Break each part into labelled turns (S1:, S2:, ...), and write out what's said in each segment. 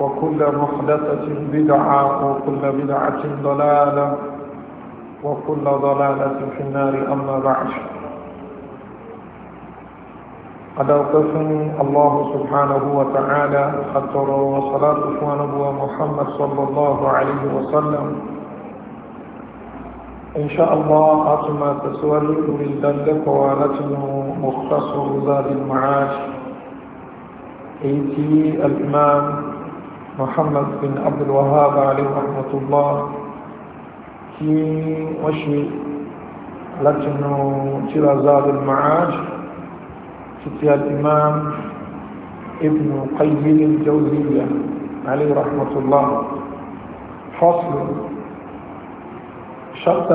S1: وكل محدثة بدعة وكل بدعة ضلالة وكل ضلالة في النار أما بعد قد أوقفني الله سبحانه وتعالى خطر وصلاة نبوة محمد صلى الله عليه وسلم إن شاء الله أتما تسولي أريد لك ولتن مختصر ذات المعاش إيتي الإمام محمد بن عبد الوهاب عليه رحمة الله في وشي لكن ترى زاد المعاج في الإمام ابن قيم الجوزية عليه رحمة الله حصل شرط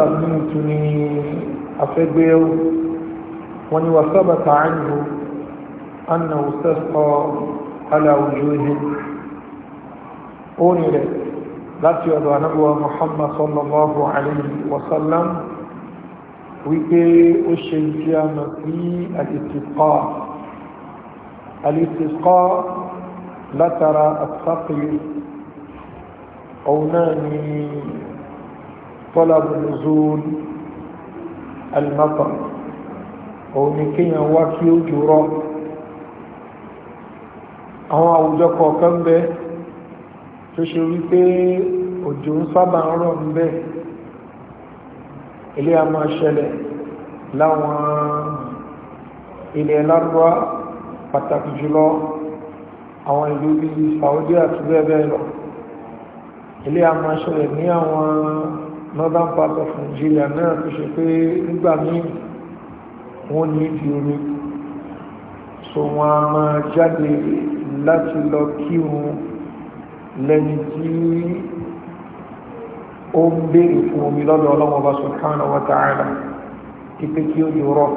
S1: تني أفبيو وني وثبت عنه أنه استسقى على وجوه orin rẹ̀ láti ọ̀dọ̀ anábíwá muhammad sallallahu alayhi wa sallam wípé ó ṣe ìṣe àmà sí al-istisqa al-istisqa látara àtàkìlì òun náà ni tọ́lábù nuzul òun ni kéèyàn wá kí ó jùrọ àwọn àwùjọ kọ̀ọ̀kan bẹ́ẹ̀ tó ṣe wípé òjò ń sábà ń rọ̀ níbẹ̀ ilé a máa ṣẹlẹ̀ láwọn ilẹ̀ lárúbá pàtàkì jùlọ àwọn ìlú bí Saudi àti bẹ́ẹ̀bẹ́ẹ̀ lọ ilé a máa ṣẹlẹ̀ ní àwọn northern part of Nigeria náà tó ṣe pé nígbà míì wọ́n ní ìdí omi so wọ́n a máa jáde láti lọ kírun lẹ́ni tí ó ń béèrè fún omi lọ́dọ̀ ọlọ́mọba subhanahu wa ta'ala kípé kí ó lè rọ̀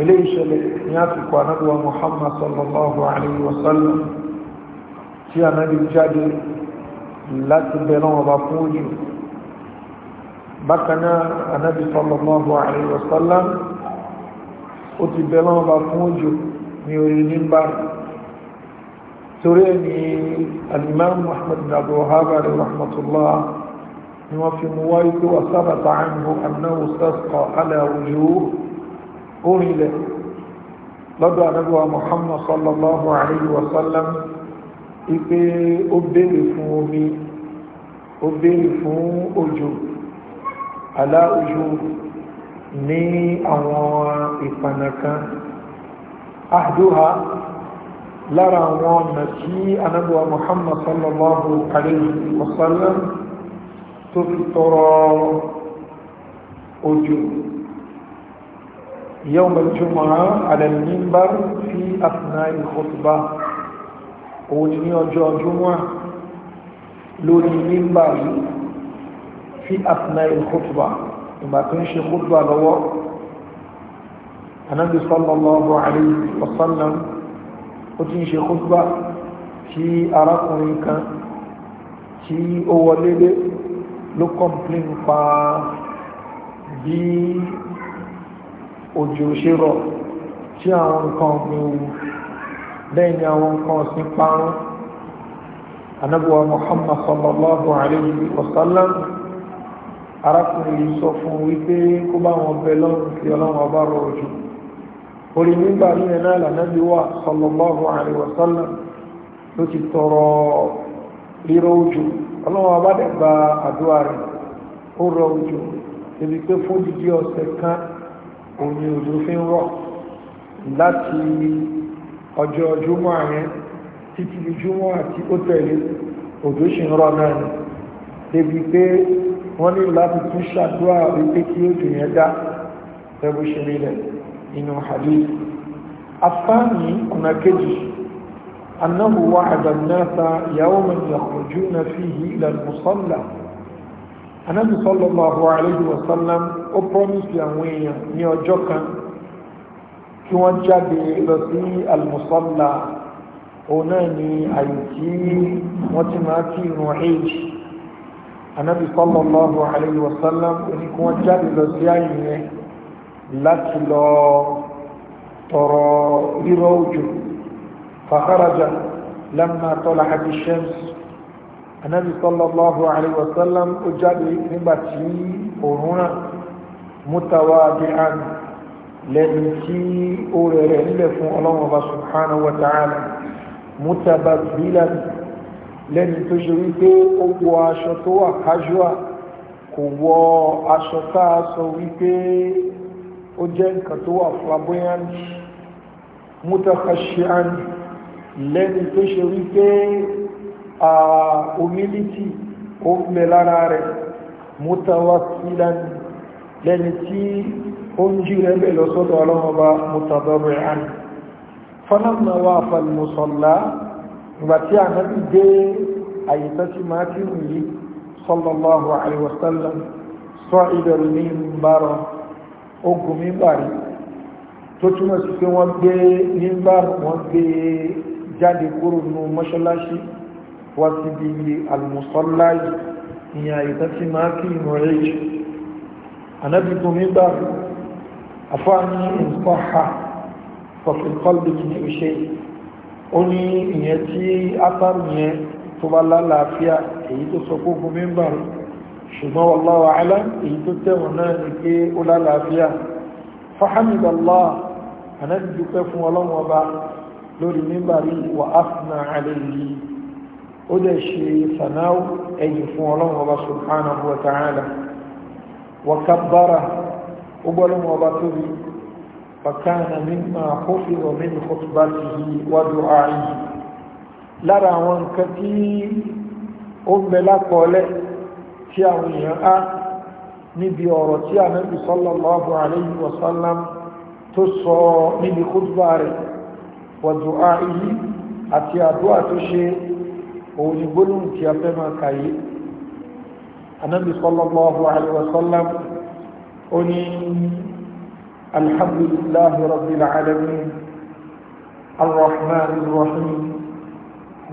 S1: ilé ìṣẹ̀lẹ̀ ní àsìkò anábíwa muhammad sallallahu alayhi wa sallam tí anábí jáde láti bẹ̀rẹ̀ ọba fún òjò bákanáà anábí sallallahu alayhi wa ó ti bẹ̀rẹ̀ ọba fún òjò ní orí nígbàrá torí ẹni alimami muhammad bin abdulwahab alayhi rahmatullah ni wọ́n fi mú wáyé pé wà sábàtà àìmọ̀ annahu sasqa ala wujuh orílẹ̀ lọ́dọ̀ anábíwá muhammad sallallahu alayhi wa sallam ipe ó béèrè fún omi ó béèrè fún òjò ala ní àwọn ìpànà kan ahduha lára àwọn ọ̀nà tí anábíwa muhammad sallallahu alayhi wa sallam tó fi tọrọ òjò yau maljumma alalmimbar fi afnari khutba òun ni ọjọ́ jùmọ́ lórí mimbar fi afnari khutba ìgbà tó ń ṣe khutba lọ́wọ́ anábí sallallahu alayhi wa sallam ó ti ń ṣe kútbà tí arákùnrin kan tí ó wọlé lé ló kọ́mplín pa bí òjò ṣe rọ̀ tí àwọn nǹkan ọ̀gbìn wù bẹ́ẹ̀ ni àwọn nǹkan ọ̀sìn parun anabuwa muhammad sallallahu alayhi wa sallam arákùnrin yìí sọ fún wípé kó bá wọn bẹ lọ́rùn kí ọlọ́run ọba rọ̀ òjò orí nígbà ní ẹ̀nà àlànàbí wà sallallahu alaihi wasallam ló ti tọrọ rírọ òjò ọlọ́wọ́ bá dẹ̀ gba àdúrà rẹ̀ ó rọ òjò ibi pé fódìdí ọ̀sẹ̀ kan òní òjò fi ń rọ̀ láti ọjọ́ júmọ́ àyẹn títí júmọ́ àti ó tẹ̀lé òjò sì ń rọ̀ náà ni débi pé wọ́n ní láti tún ṣàdúrà wípé kí òjò yẹn dá ẹbú ṣe rí rẹ̀ inú hadith afáàní ọ̀nà kejì annahu wa'ada an-nasa yawman yakhrujuna fihi ila al-musalla anabi sallallahu alayhi wa sallam ó promise àwọn èèyàn ní ọjọ́ kan kí wọ́n jáde lọ sí al-musalla òun náà ni àyè tí wọ́n ti máa kí irun èjì anabi sallallahu alayhi wa sallam oníkun wọ́n jáde lọ sí àyè yẹn láti lọ tọrọ rírọ̀ òjò fàkàràjà lẹ́mà tọ́lá àti shams anábì sallallahu alaihi wasallam ó jáde nígbàtí òun rán mutawadi'an lẹ́ni tí ó rẹ̀ rẹ̀ nílẹ̀ fún ọlọ́run ọba subhanahu wa ta'ala mutabazzilan tó ṣe wípé ó wọ aṣọ tó wà casual kò wọ aṣọ tá sọ wípé ó jẹ́ nǹkan tó wà flamboyant mutakashian lẹ́ni tó ṣe wípé humility ó ń bẹ lára rẹ̀ mutawasilan lẹ́ni tí ó ń jí rẹ̀ bẹ̀ lọ́sọ́dọ̀ ọlọ́mọba mutadarrian falamma wafa al ìgbà tí ànábì dé àyíká tí máa kí wùyí sallallahu alaihi wasallam sa'ida al-minbara ogun mímbàrí tó túnmọ̀ sí pé wọ́n gbé mímbàrí wọ́n gbé jáde kúrò ní mọ́ṣálásí wá sí bí alìmọ̀sọ́láyì ìyà ìtàtí máa kí ìmọ̀ rẹ̀ anábìgun mímbàrí afáàní ìsọ́ha fọ̀fẹ́kọ́lù ní ìṣe ní ìyẹn ṣùgbọ́n wallahu a'lam èyí tó tẹ́wọ̀n náà ni pé ó lálàáfíà fahamidallah anábì dúpẹ́ fún ọlọ́run ọba lórí mímbàrí wa afna alayhi ó dẹ̀ ṣe sanáwó ẹ̀yìn fún ọlọ́run ọba subhanahu wa ta'ala wa lára àwọn nǹkan tí ó ń bẹ lápọ̀ọ́lẹ́ tí àwọn èèyàn á níbi ọ̀rọ̀ tí ànábì sallallahu alayhi wa sallam tó sọ níbi khutba rẹ̀ wa du'a'ihi àti àdúrà tó ṣe òun ni gbólóhùn tí a fẹ́ máa kàyé ànábì الرحمن الرحيم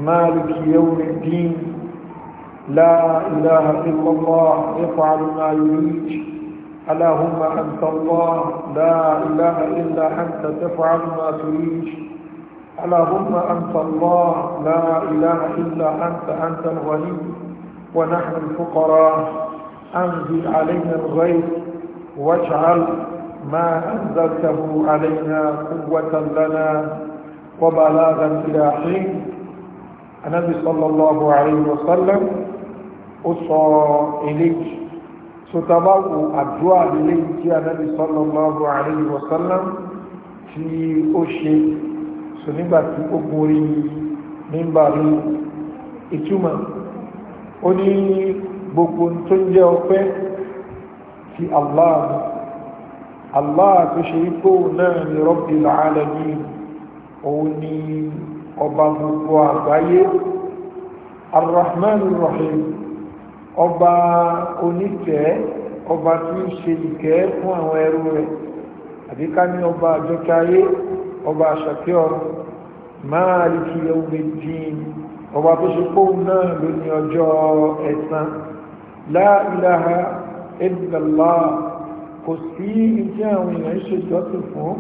S1: مالك يوم الدين لا إله إلا الله يفعل ما يريد اللهم أنت الله لا إله إلا أنت تفعل ما تريد اللهم أنت الله لا إله إلا أنت أنت الغني ونحن الفقراء أنزل علينا الغيث واجعل ما أنزلته علينا قوة لنا وبلاغا إلى حين النبي صلى الله عليه وسلم ó sọ eléyìí sotabawo àdúrà eléyìí tí anábì sallallahu alayhi wa sallam tí ó ṣe sọ nígbà tí ó borí nígbàrí ìtumọ̀ ó ní gbogbo tó ń jẹ́ ọpẹ́ ti Allah Allah tó ṣe ipò náà ni Rabbil alamin òun ni ọba gbogbo àgbáyé ar rahim ọba oníkẹ́ ọba tí ó ṣe ìkẹ́ fún àwọn ẹrú rẹ̀ àbí ká ní ọba àjọkẹ́ ayé ọba àṣàkẹ́ ọ̀run máàlìkì yawmiddin ọba tó ṣe kóhùn náà ló ní ọjọ́ ẹ̀san la ilaha kò sí iṣẹ́ àwọn èèyàn ṣe jọ́sìn fún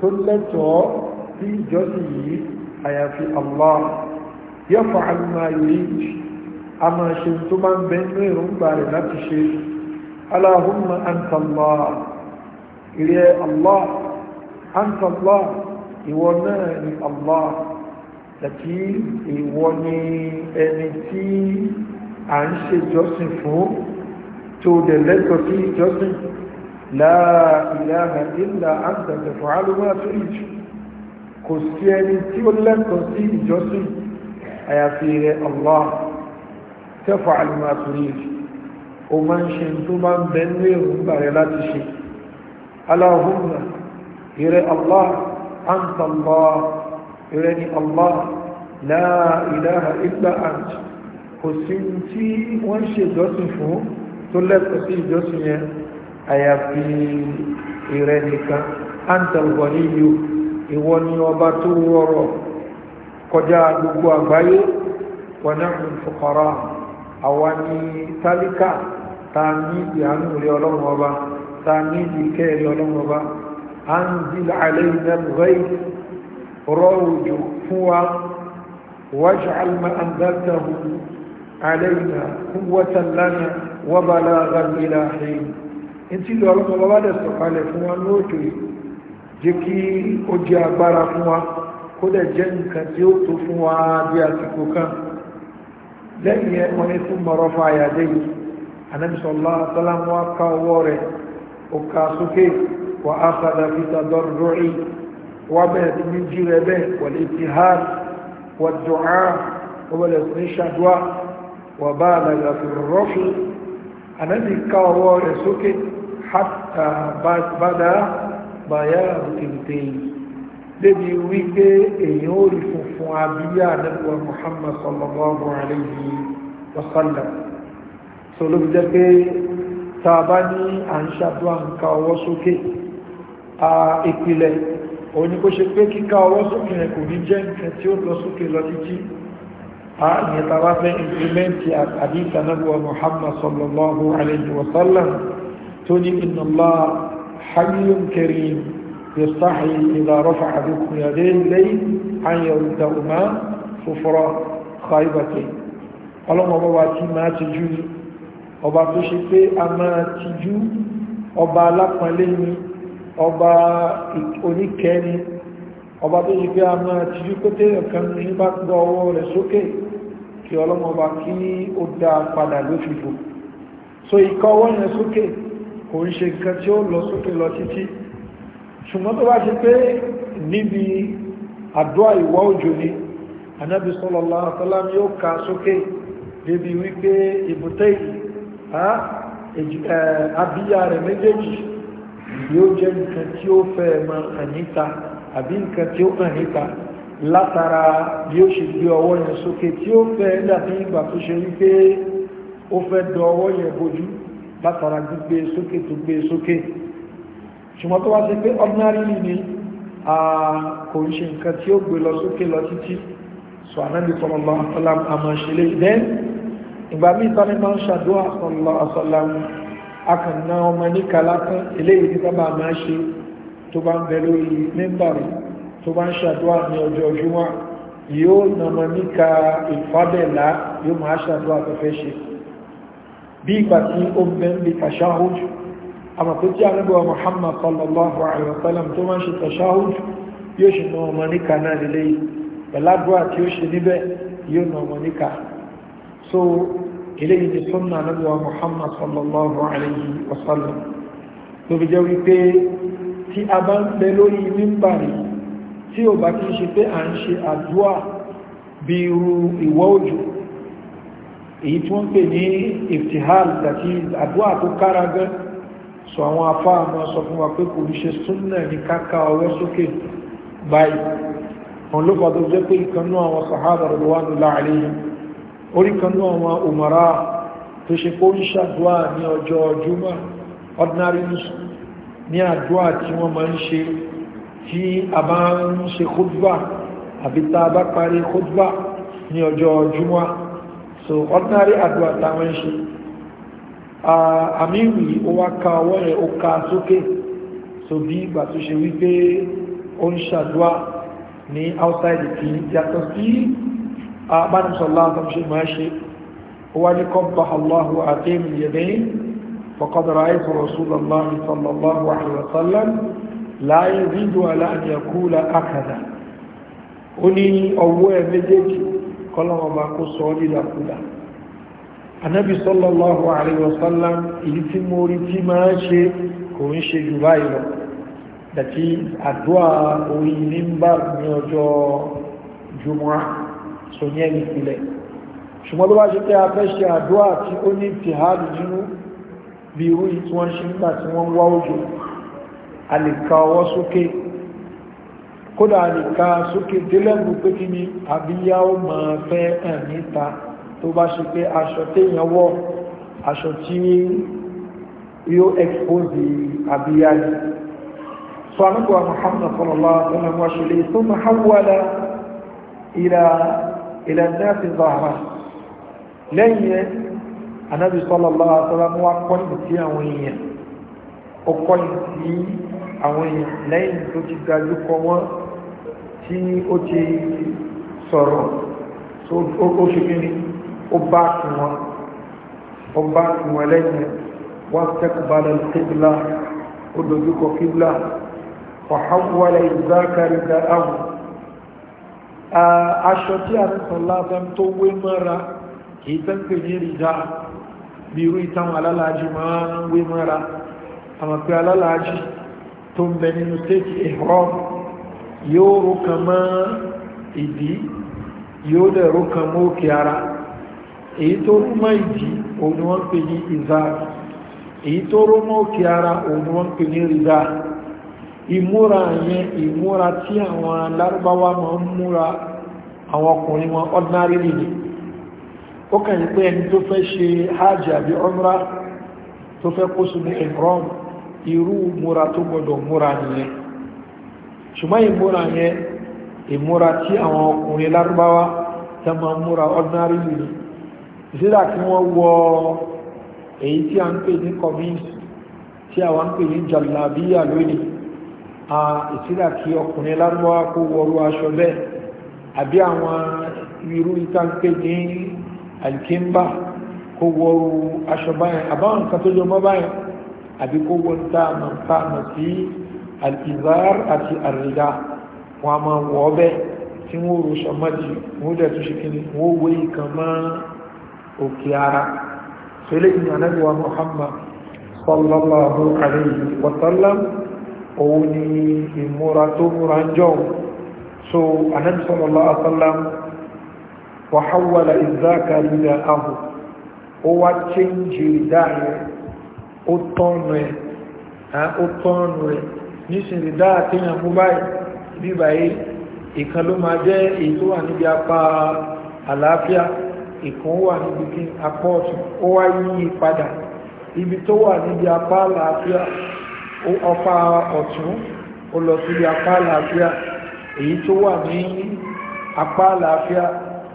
S1: tó lẹ́tọ̀ọ́ sí ìjọ́sìn yìí àyàfi Allah yaf'al ma yurid a máa ṣe tó bá ń bẹ ní èròǹgbà rẹ̀ láti ṣe aláhùnmá àǹtàlá ìrẹ́ allah àǹtàlá ìwọ náà ni allah àti ìwọ ni ẹni tí a ń ṣe jọ́sìn fún tó dẹ̀ lẹ́tọ̀ọ́ sí jọ́sìn لا إله إلا أنت تفعل ما تريد kò sí ẹni tí ó lẹ́tọ̀ọ́ sí ìjọsìn àyàfi rẹ̀ Allah tẹ́fà alùmọ̀tòrí o máa ń ṣe tó máa ń bẹ ní èròǹgbà rẹ láti ṣe aláhùnmá ìrẹ allah antallá ìrẹ ni allah láàrídáha ìgbà àti kò sí tí wọ́n ṣe ìjọsìn fún tó lẹ́tọ̀ sí ìjọsìn yẹn àyàfi ìrẹ nìkan antallá níyù ìwọ ni ọba tó rọrọ kọjá gbogbo àgbáyé wọnà ìfọkọrọ àwọn àwa ni tálíkà ta ní ìhánú rí ọlọ́run ọba ta ní ìkẹ́ rí ọlọ́run ọba anzil alayna al-ghayth rọ̀ òjò fún wa waj'al ma anzaltahu alayna quwwatan lana wa balaghan ila hin ntí lọ ọlọ́run ọba dẹ̀ sọ̀kalẹ̀ fún wa lóòjò yìí jẹ́ kí ó jẹ́ agbára fún wa kó dẹ̀ jẹ́ nǹkan tí ó tó fún wa bí àsìkò kan lẹ́yìn yẹn wọ́n ní tún mọ̀rọ́ fún àyàdé yìí anabi sallallahu alaihi wasallam wa ká ọwọ́ rẹ̀ ó ká sókè wà á padà fi tàdọ́ rúrí wà bẹ́ẹ̀ tí ní jí rẹ̀ bẹ́ẹ̀ wà lè ti ha wà dùnà ó bẹ̀rẹ̀ sí ní ṣàdúà wà bá àlàyé fi rọ́fì anabi ká ọwọ́ rẹ̀ sókè hàtà bàdà bàyà bùtìbùtì yìí débi wípé èyàn ó rí funfun abíyá àdẹ́gbà Muhammad sallallahu alayhi wa sallam so ló fi jẹ́ pé tá a bá ní à ń ṣàdúrà nǹka ọwọ́ sókè a ìpìlẹ̀ òun ni kó ṣe pé kíka ọwọ́ sókè rẹ̀ kò ní jẹ́ nǹkan tí ó lọ sókè lọ títí a ìyẹn tá bá fẹ́ implimenti àdìsá àdẹ́gbà Muhammad sallallahu alayhi wa sallam tó ní inna hayyun karim يستحي إذا رفع بكم يديه لي أن يردهما ففرا خائبتين ọlọ́mọ ọba tí máa ti jú ní ọba tó ṣe pé a máa ti jú ọba alápọ̀nlé ni ọba oníkẹ́ ni ọba tó ṣe pé a máa ti jú pété ọ̀kan ní bá gbọ́ ọwọ́ rẹ̀ sókè kí ọlọ́mọ ọba kí ó dá padà lófìfò so ìkọ́ ọwọ́ yẹn sókè kò ń ṣe nǹkan tí ó lọ sókè lọ títí ṣùgbọ́n tó bá ṣe pé níbi àdúrà ìwọ́ òjò ni anábi sọ́lọ́lá àtọ́lám yóò ká sókè débi wípé ìbútẹ́ àbíyà rẹ̀ méjèèjì yóò jẹ́ nǹkan tí ó fẹ́ ma àníta àbí nǹkan tí ó kàn níta látara bí ó ṣe gbé ọwọ́ yẹn sókè tí ó fẹ́ dàbí ìgbà tó ṣe wípé ó fẹ́ dọ ọwọ́ yẹn bojú látara gbígbé sókè tó gbé sókè ṣùgbọ́n tó wá sí pé ordinary ni kò ń ṣe nǹkan tí ó gbé lọ sókè lọ títí so anábì sọlọ́lọ́ asọ́lám àmọ́ ṣẹlẹ̀ then ìgbà míì tani máa ń ṣàdúrà sọlọ́ asọ́lám akànná ọmọ níka lásán eléyìí tí sábà máa ṣe tó bá ń bẹ lórí mẹ́mbàrí tó bá ń ṣàdúrà ní ọjọ́ ojúmọ́ yóò nàmọ níka ìfábẹ̀lá yóò máa ṣàdúrà tó fẹ́ ṣe bí ìgbà tí ó bẹ́ẹ̀ ń bí kàṣáhójú àmà tó tí àrẹ́bọ̀ Muhammad sallallahu alaihi wasallam tó máa ń ṣe tashahud yóò ṣe na ọmọ níka náà lélẹ́ yìí pẹ̀lágbà tí ó ṣe níbẹ̀ yóò na ọmọ níka so eléyìí ni sunna àrẹ́bọ̀ Muhammad sallallahu alaihi wasallam tó fi jẹ́ wípé tí a bá ń bẹ lórí mímbàrí tí ò bá kí ń ṣe pé à ń ṣe àdúà bí irú ìwọ́ òjò èyí tí wọ́n pè ní iftihal that is tó kára gan-an so àwọn afá àmọ́ sọ fún wa pé kò ní ṣe súnà ní káka ọwọ́ sókè báyìí wọn ló fà tó jẹ́ pé ìkanú àwọn sahaba radwanullahi alayhim orí kanú àwọn umara tó ṣe kó ń ṣàdúà ní ọjọ́ juma ordinary ní àdúà tí wọ́n máa ń ṣe tí a bá ń ṣe khutba àbí tá a bá parí khutba ní ọjọ́ juma
S2: so ordinary àdúà táwọn
S1: ń ṣe àmìrì ó wá ka ọwọ́ rẹ̀ ó ka sókè so bí ìgbà tó ṣe wípé ó ń ṣàdúà ní outside kí yàtọ̀ sí abánisọ̀lá àtàmṣe máa ṣe ó wá ní kọ́bà Allahu àtẹ́mì yẹ̀dẹ́yìn فقد رأيت رسول الله صلى الله عليه وسلم لا يزيد على يقول أكذا ó ní ọwọ́ ẹ̀ méjèèjì kọ́lọ́mọba kó sọ anábì sallallahu alayhi wa sallam èyí tí mo rí tí máa ṣe kò ń ṣe jù báyìí lọ dàtí àdúrà orí ní ń bá ní ọjọ́ jùmọ́á sọ ní ẹni ìpìlẹ̀ ṣùgbọ́n tó bá ṣe pé a fẹ́ ṣe àdúrà tí ó ní tìhálì nínú bí irú yìí tí wọ́n ṣe nígbà tí wọ́n wá òjò a ọwọ́ sókè kódà a sókè délẹ́gbù pé kí ni àbíyá ó máa fẹ́ hàn níta tó bá ṣe pé aṣọ téèyàn wọ̀ aṣọ tí yóò expose àbíyá ni sọ́nàbọ̀ Muhammad sallallahu alaihi wa sallam wá ṣe lè tó máa hawala ìlà ìlà náà ti zahara lẹ́yìn anábì sallallahu alaihi wa sallam wá kọ́yìn sí àwọn èèyàn ó kọ́yìn sí àwọn èèyàn lẹ́yìn tó ti gajú kọ wọ́n tí ó ti sọ̀rọ̀ ó ṣe kí ni ó bá kí wọn ó bá kí wọn lẹ́yìn wọ́n tẹ́kùbalẹ̀ kíbla ó dojúkọ kíbla ọ̀hánwọlẹ̀ ìzákàrí dáhùn aṣọ tí a ti sọ lábẹ́ tó wé mọ́ra kìí tẹ́ ń pè ní rìdá bí irú ìtàwọn alálàájì máa àwọn pé alálàájì tó ń bẹ nínú tẹ́kì ẹ̀họ́ yóò rú mọ́ ìdí yóò dẹ̀ rú mọ́ òkè ara èyí tó rú mọ́ ìdí òun ni wọ́n pè ní ìzá èyí tó rú òkè ara òun ni wọ́n pè ní ìzá ìmúra yẹn ìmúra tí àwọn lárúbáwá máa ń múra àwọn ọkùnrin wọn ordinary ó pé ẹni tó fẹ́ ṣe hajj àbí umra tó fẹ́ kó sunu ihram irú múra tó gbọdọ̀ múra nìyẹn ṣùgbọ́n ìmúra yẹn ìmúra tí àwọn ọkùnrin lárúbáwá tẹ́ máa ń múra ordinary ìsídà kí wọ́n wọ èyí tí a ń pè ní kọmíns tí àwọn ń pè ní jàlábíyà lónìí a ìsídà kí ọkùnrin lárúbáwá kó wọrú aṣọ bẹ́ẹ̀ àbí àwọn irú ìta ń pè ní alikimba kó wọrú aṣọ báyẹn àbáwọn nǹkan tó jọmọ́ báyẹn àbí kó wọ́n tá a mọ̀ tá a mọ̀ sí al àti àrídá wọn a máa wọ̀ ọ́ bẹ́ẹ̀ tí wọ́n rò sọmọ́dì wọ́n dẹ̀ tún ṣe kíni wọ́n wé ìkan òkè ara ṣẹlẹ̀ ní anábíwa Muhammad sallallahu alayhi wa sallam òun ni ìmúra tó múra ń jọ so anábí sallallahu alayhi wa sallam wa hawala izaka lila ahu ó wá change ìdáyẹ ó tọ́nu ẹ̀ ó tọ́nu ẹ̀ nísìnyí ìkan ló máa jẹ́ èyí tó wà níbi apá àlàáfíà ìkan wà níbi kí apá ọ̀tún ó wá yí padà ibi tó wà níbi apá àlàáfíà ọfà ọ̀tún ó lọ sí apá àlàáfíà èyí tó wà ní apá àlàáfíà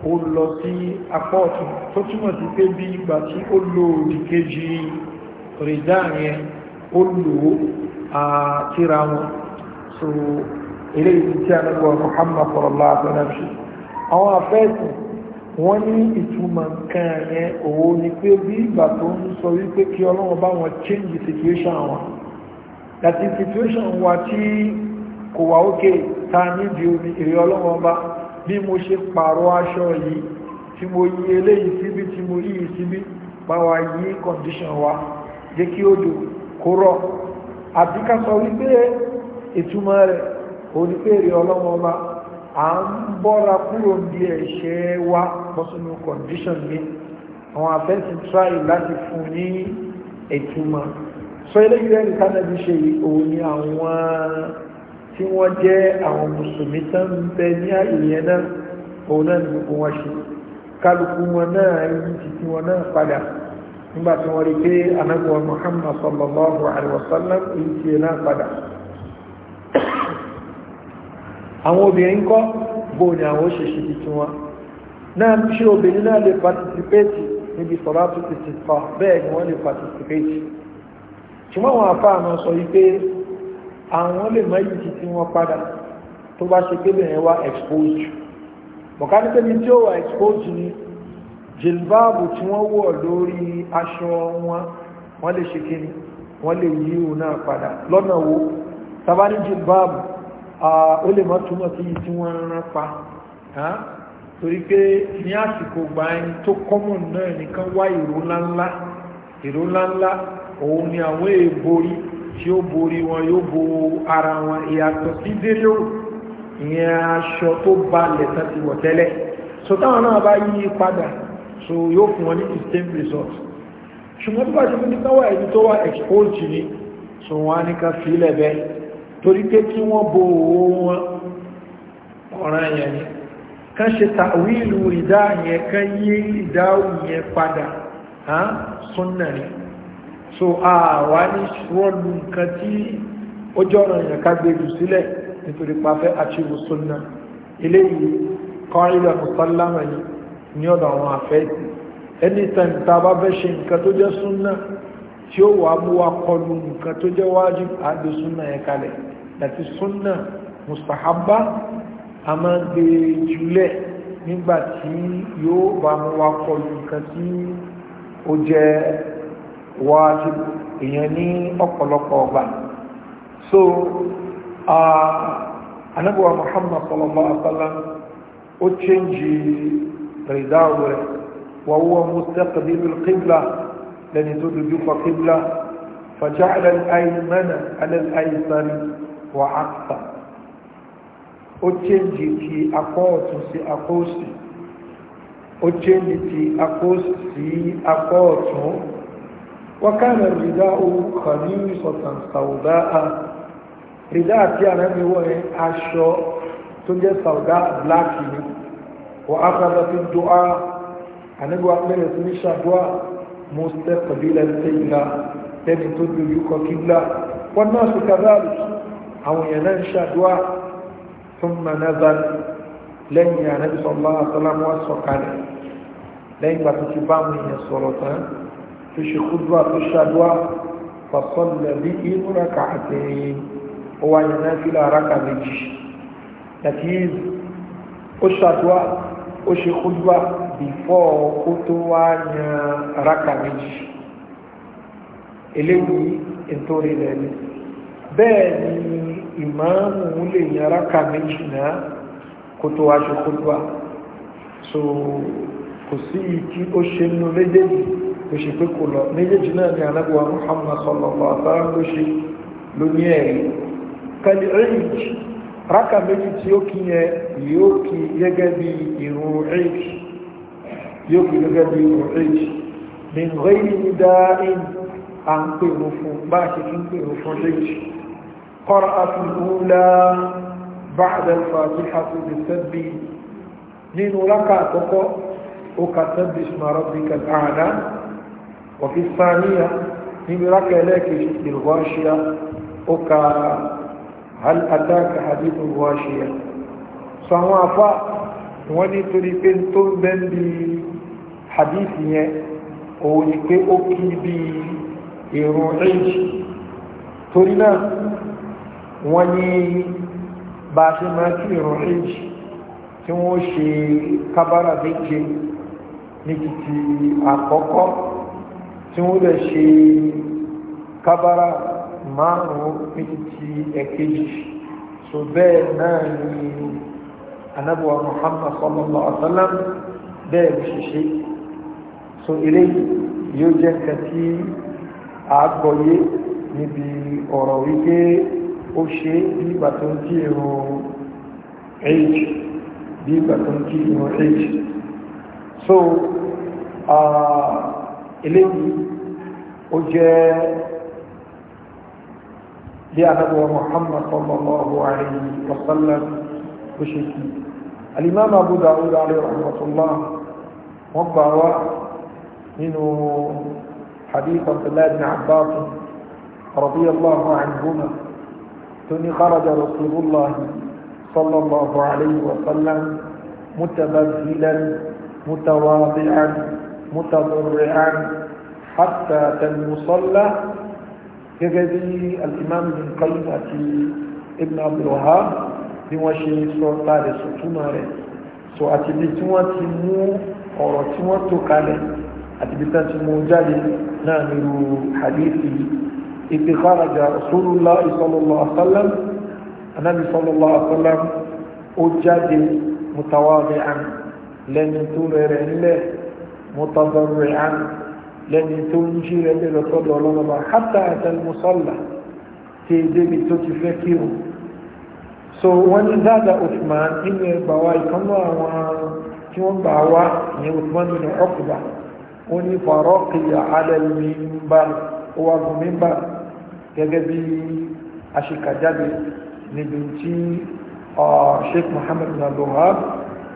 S1: ó lọ sí apá ọ̀tún tó túmọ̀ sí pé bí ìgbà tí ó lo òdìkejì rìdá yẹn ó lò ó àtìra wọn so eléyìí tí a nígbà Muhammad sallallahu alaihi wa sallam àwọn afẹ́sìn wọ́n ní ìtumọ̀ nǹkan yẹn òwò ni pé bí ìgbà tó ń sọ wípé kí ọlọ́run bá wọn change situation wa that is situation wa tí kò wá òkè ta níbi omi èrè ọlọ́run bá bí mo ṣe pààrọ̀ aṣọ yìí tí mo yí eléyìí síbí tí mo yí síbí bá wa yí condition wa jẹ́ kí odò kó rọ̀ àti ká sọ wípé ìtumọ̀ rẹ̀ òní pé èrè ọlọ́run bá à ń bọ́ra kúrò ní ẹ̀ṣẹ̀ wa bọ́ sínú condition mi àwọn afẹ́sìn try láti fún ní ẹ̀túmọ̀ sọ eléyìí ẹ̀rí kánẹ́bí ṣe òun ni àwọn tí wọ́n jẹ́ àwọn mùsùlùmí tán ń bẹ ní ìyẹn náà òun náà ni gbogbo wọn ṣe kálukú wọn náà yìí títí wọn náà padà nígbà tí wọ́n rí pé anábọ̀ Muhammad sallallahu alaihi wasallam yìí tiẹ̀ náà padà àwọn obìnrin kọ́ bóun ni àwọn òṣèṣe títí wọn náà ṣé obìnrin náà lè participate níbi sọ̀rọ̀ àtúntò ti pa bẹ́ẹ̀ ni wọ́n lè participate ṣùgbọ́n àwọn afá àmọ́ sọ wípé àwọn lè mọ ìyí tí wọ́n padà tó bá ṣe pé bẹ̀rẹ̀ wá exposed mọ̀kánípẹ́ni tí ó wà exposed ni jìlbáàbù tí wọ́n wọ̀ lórí aṣọ wọn wọ́n lè ṣe kíni wọ́n lè yí òun náà padà lọ́nà wo tàbá ní jìlbáàbù ó lè mọ́ túmọ̀ sí yìí tí wọ́n rán pa torí pé ní àsìkò gbà ẹni tó kọ́mọ̀ náà nìkan wá ìró ńláńlá ìró ńláńlá òun ni àwọn èèborí tí ó borí wọn yóò bo ara wọn ìyàtọ̀ sí dérò ìyẹn aṣọ tó balẹ̀ tán ti wọ̀ tẹ́lẹ̀ so táwọn náà bá yí padà so yóò fún wọn ní the same result ṣùgbọ́n tó bá ṣe fún ní káwà ẹni tó wà exposed ni so wọ́n á ní ká sílẹ̀ bẹ́ẹ̀ torí pé kí wọ́n bo owó wọn ọ̀ràn yẹn ni kan ṣe tàwílù ìdá yẹn kan yí ìdáhù yẹn padà súnà ni so àwa ní ṣọ́ọ̀lù nǹkan tí ó jọ́rọ̀ yẹn ká gbèrú sílẹ̀ nítorí pàfẹ́ àṣìwò súnà eléyìí kan ilẹ̀ mùsàlámà yìí ní ọ̀dọ̀ àwọn àfẹ́sì ẹni tàǹtà bá fẹ́ ṣe nǹkan tó jẹ́ súnà tí ó wàá mú wa kọlu nǹkan tó jẹ́ wájú àgbè súnà yẹn kalẹ̀ àti súnà mustahabba a máa ń gbé jùlẹ̀ nígbà tí yóò bá mú wa kọlu nǹkan tí ó jẹ́ wá èèyàn ní ọ̀pọ̀lọpọ̀ ọgbà so anábọ̀wà Muhammad sallallahu alaihi wasallam ó chẹ́njì rìdáwò rẹ̀ wàwọ́ mustaqbilul qibla lẹ́ni tó dojú kọ qibla faja'ala al-aymana ala al ó chéńjì ti akọ́ ọ̀tún sí akọ́ òsì ó chéńjì ti akọ́ òsì sí akọ́ ọ̀tún wákàrà rìdá orúkọ ní ìsọ̀tàn sàwùdá a rìdá àti àrẹ́mi wọ̀ ẹ́ aṣọ tó jẹ́ sàwùdá bláàkì ni wọ́n á kájọ fi dùn á ànígbà pẹ̀lẹ́ sí ní ṣàdúrà mustaqbilal qibla lẹ́ni tó dojú kọ kíbla wọn náà sì kàdáàlì àwọn èèyàn náà ń ṣàdúrà ثم نزل لن يا نبي صلى الله عليه وسلم وسقال لن بتتبام من السلطان تشي خدوة تشدوة فصلى به ركعتين هو ينافل ركعة بجيش نتيز أشدوة أشي خدوة before كتوة ركعة بجيش eléyìí nítorí rẹ̀ ni bẹ́ẹ̀ ni ìmáàmù lè yàrá ka méjì náà kó tó wá ṣe kútúbà so kò sí ìkí ó ṣe nínú méjèèjì kò ṣe pé kò lọ méjèèjì náà ni anábíwá Muhammad sallallahu alaihi wa sallam ló ṣe ló ní ẹ̀rí kàlí ẹ̀yìnjì ráka méjì tí ó kí yẹ yóò kí gẹ́gẹ́ bí ìrun ẹ̀yìnjì yóò kí gẹ́gẹ́ bí ìrun ẹ̀yìnjì min ghayri nida'in à ń pèrò fún bá a ṣe kí ń pèrò fún ẹ̀yìnjì القرأة الأولى بعد الفاتحة بالسب من لك تقو وكتب اسم ربك الأعلى وفي الثانية من لك إليك الغاشية وكا هل أتاك حديث الغاشية سواء فا وني تريبين تنبن بحديثي òun أكي بي ó kí wọ́n ní bá ṣe máa kí ìrùn ríjì tí wọ́n ṣe kábára méje ní títí àkọ́kọ́ tí wọ́n lè ṣe kábára márùn-ún ní títí ẹ̀kejì so bẹ́ẹ̀ náà ni anábọ̀wà Muhammad sallallahu alaihi wa sallam bẹ́ẹ̀ bí ṣiṣẹ́ so ilé yóò jẹ́ nǹkan tí àgbọ̀yé níbi ọ̀rọ̀ wípé ó ṣe nígbà tó ń kí ìrun age nígbà tó ń kí ìrun age so eléyìí ó jẹ́ bí anábọ̀ Muhammad sallallahu alayhi wa sallam ó ṣe kí alimama Abu Dawud alayhi rahmatullah wọ́n gbà wá nínú hadith Abdullahi bin Abbas radiyallahu anhuma تني خرج رسول الله صلى الله عليه وسلم متبذلا متواضعا متضرعا حتى المصلى كجدي الإمام بن قيم ابن عبد الوهاب بوشي سلطان سلطان so àti ibi tí wọ́n ti mú ọ̀rọ̀ tí wọ́n tó kalẹ̀ ibi kharaja rasulullah sallallahu alaihi wasallam anabi sallallahu alaihi wasallam ó jáde mutawadi'an lẹ́ni tó rẹ̀rẹ̀ ńlẹ̀ mutadarri'an lẹ́ni tó ń jí rẹ̀ lé lọ́sọ́dọ̀ ọlọ́lọ́ba hatta atal musalla tí débi tó ti fẹ́ kírun so wọ́n ní dáadáa Uthman nínú ẹgbà wa ìkànnà àwọn tí wọ́n gbà wá ìyẹn Uthman nínú Uqba ó ní farọ́kì alẹ́ mi ń bá ó wà gùn mi ń bá gẹ́gẹ́ bí aṣíkàjáde níbi tí sheikh muhammad nabuhab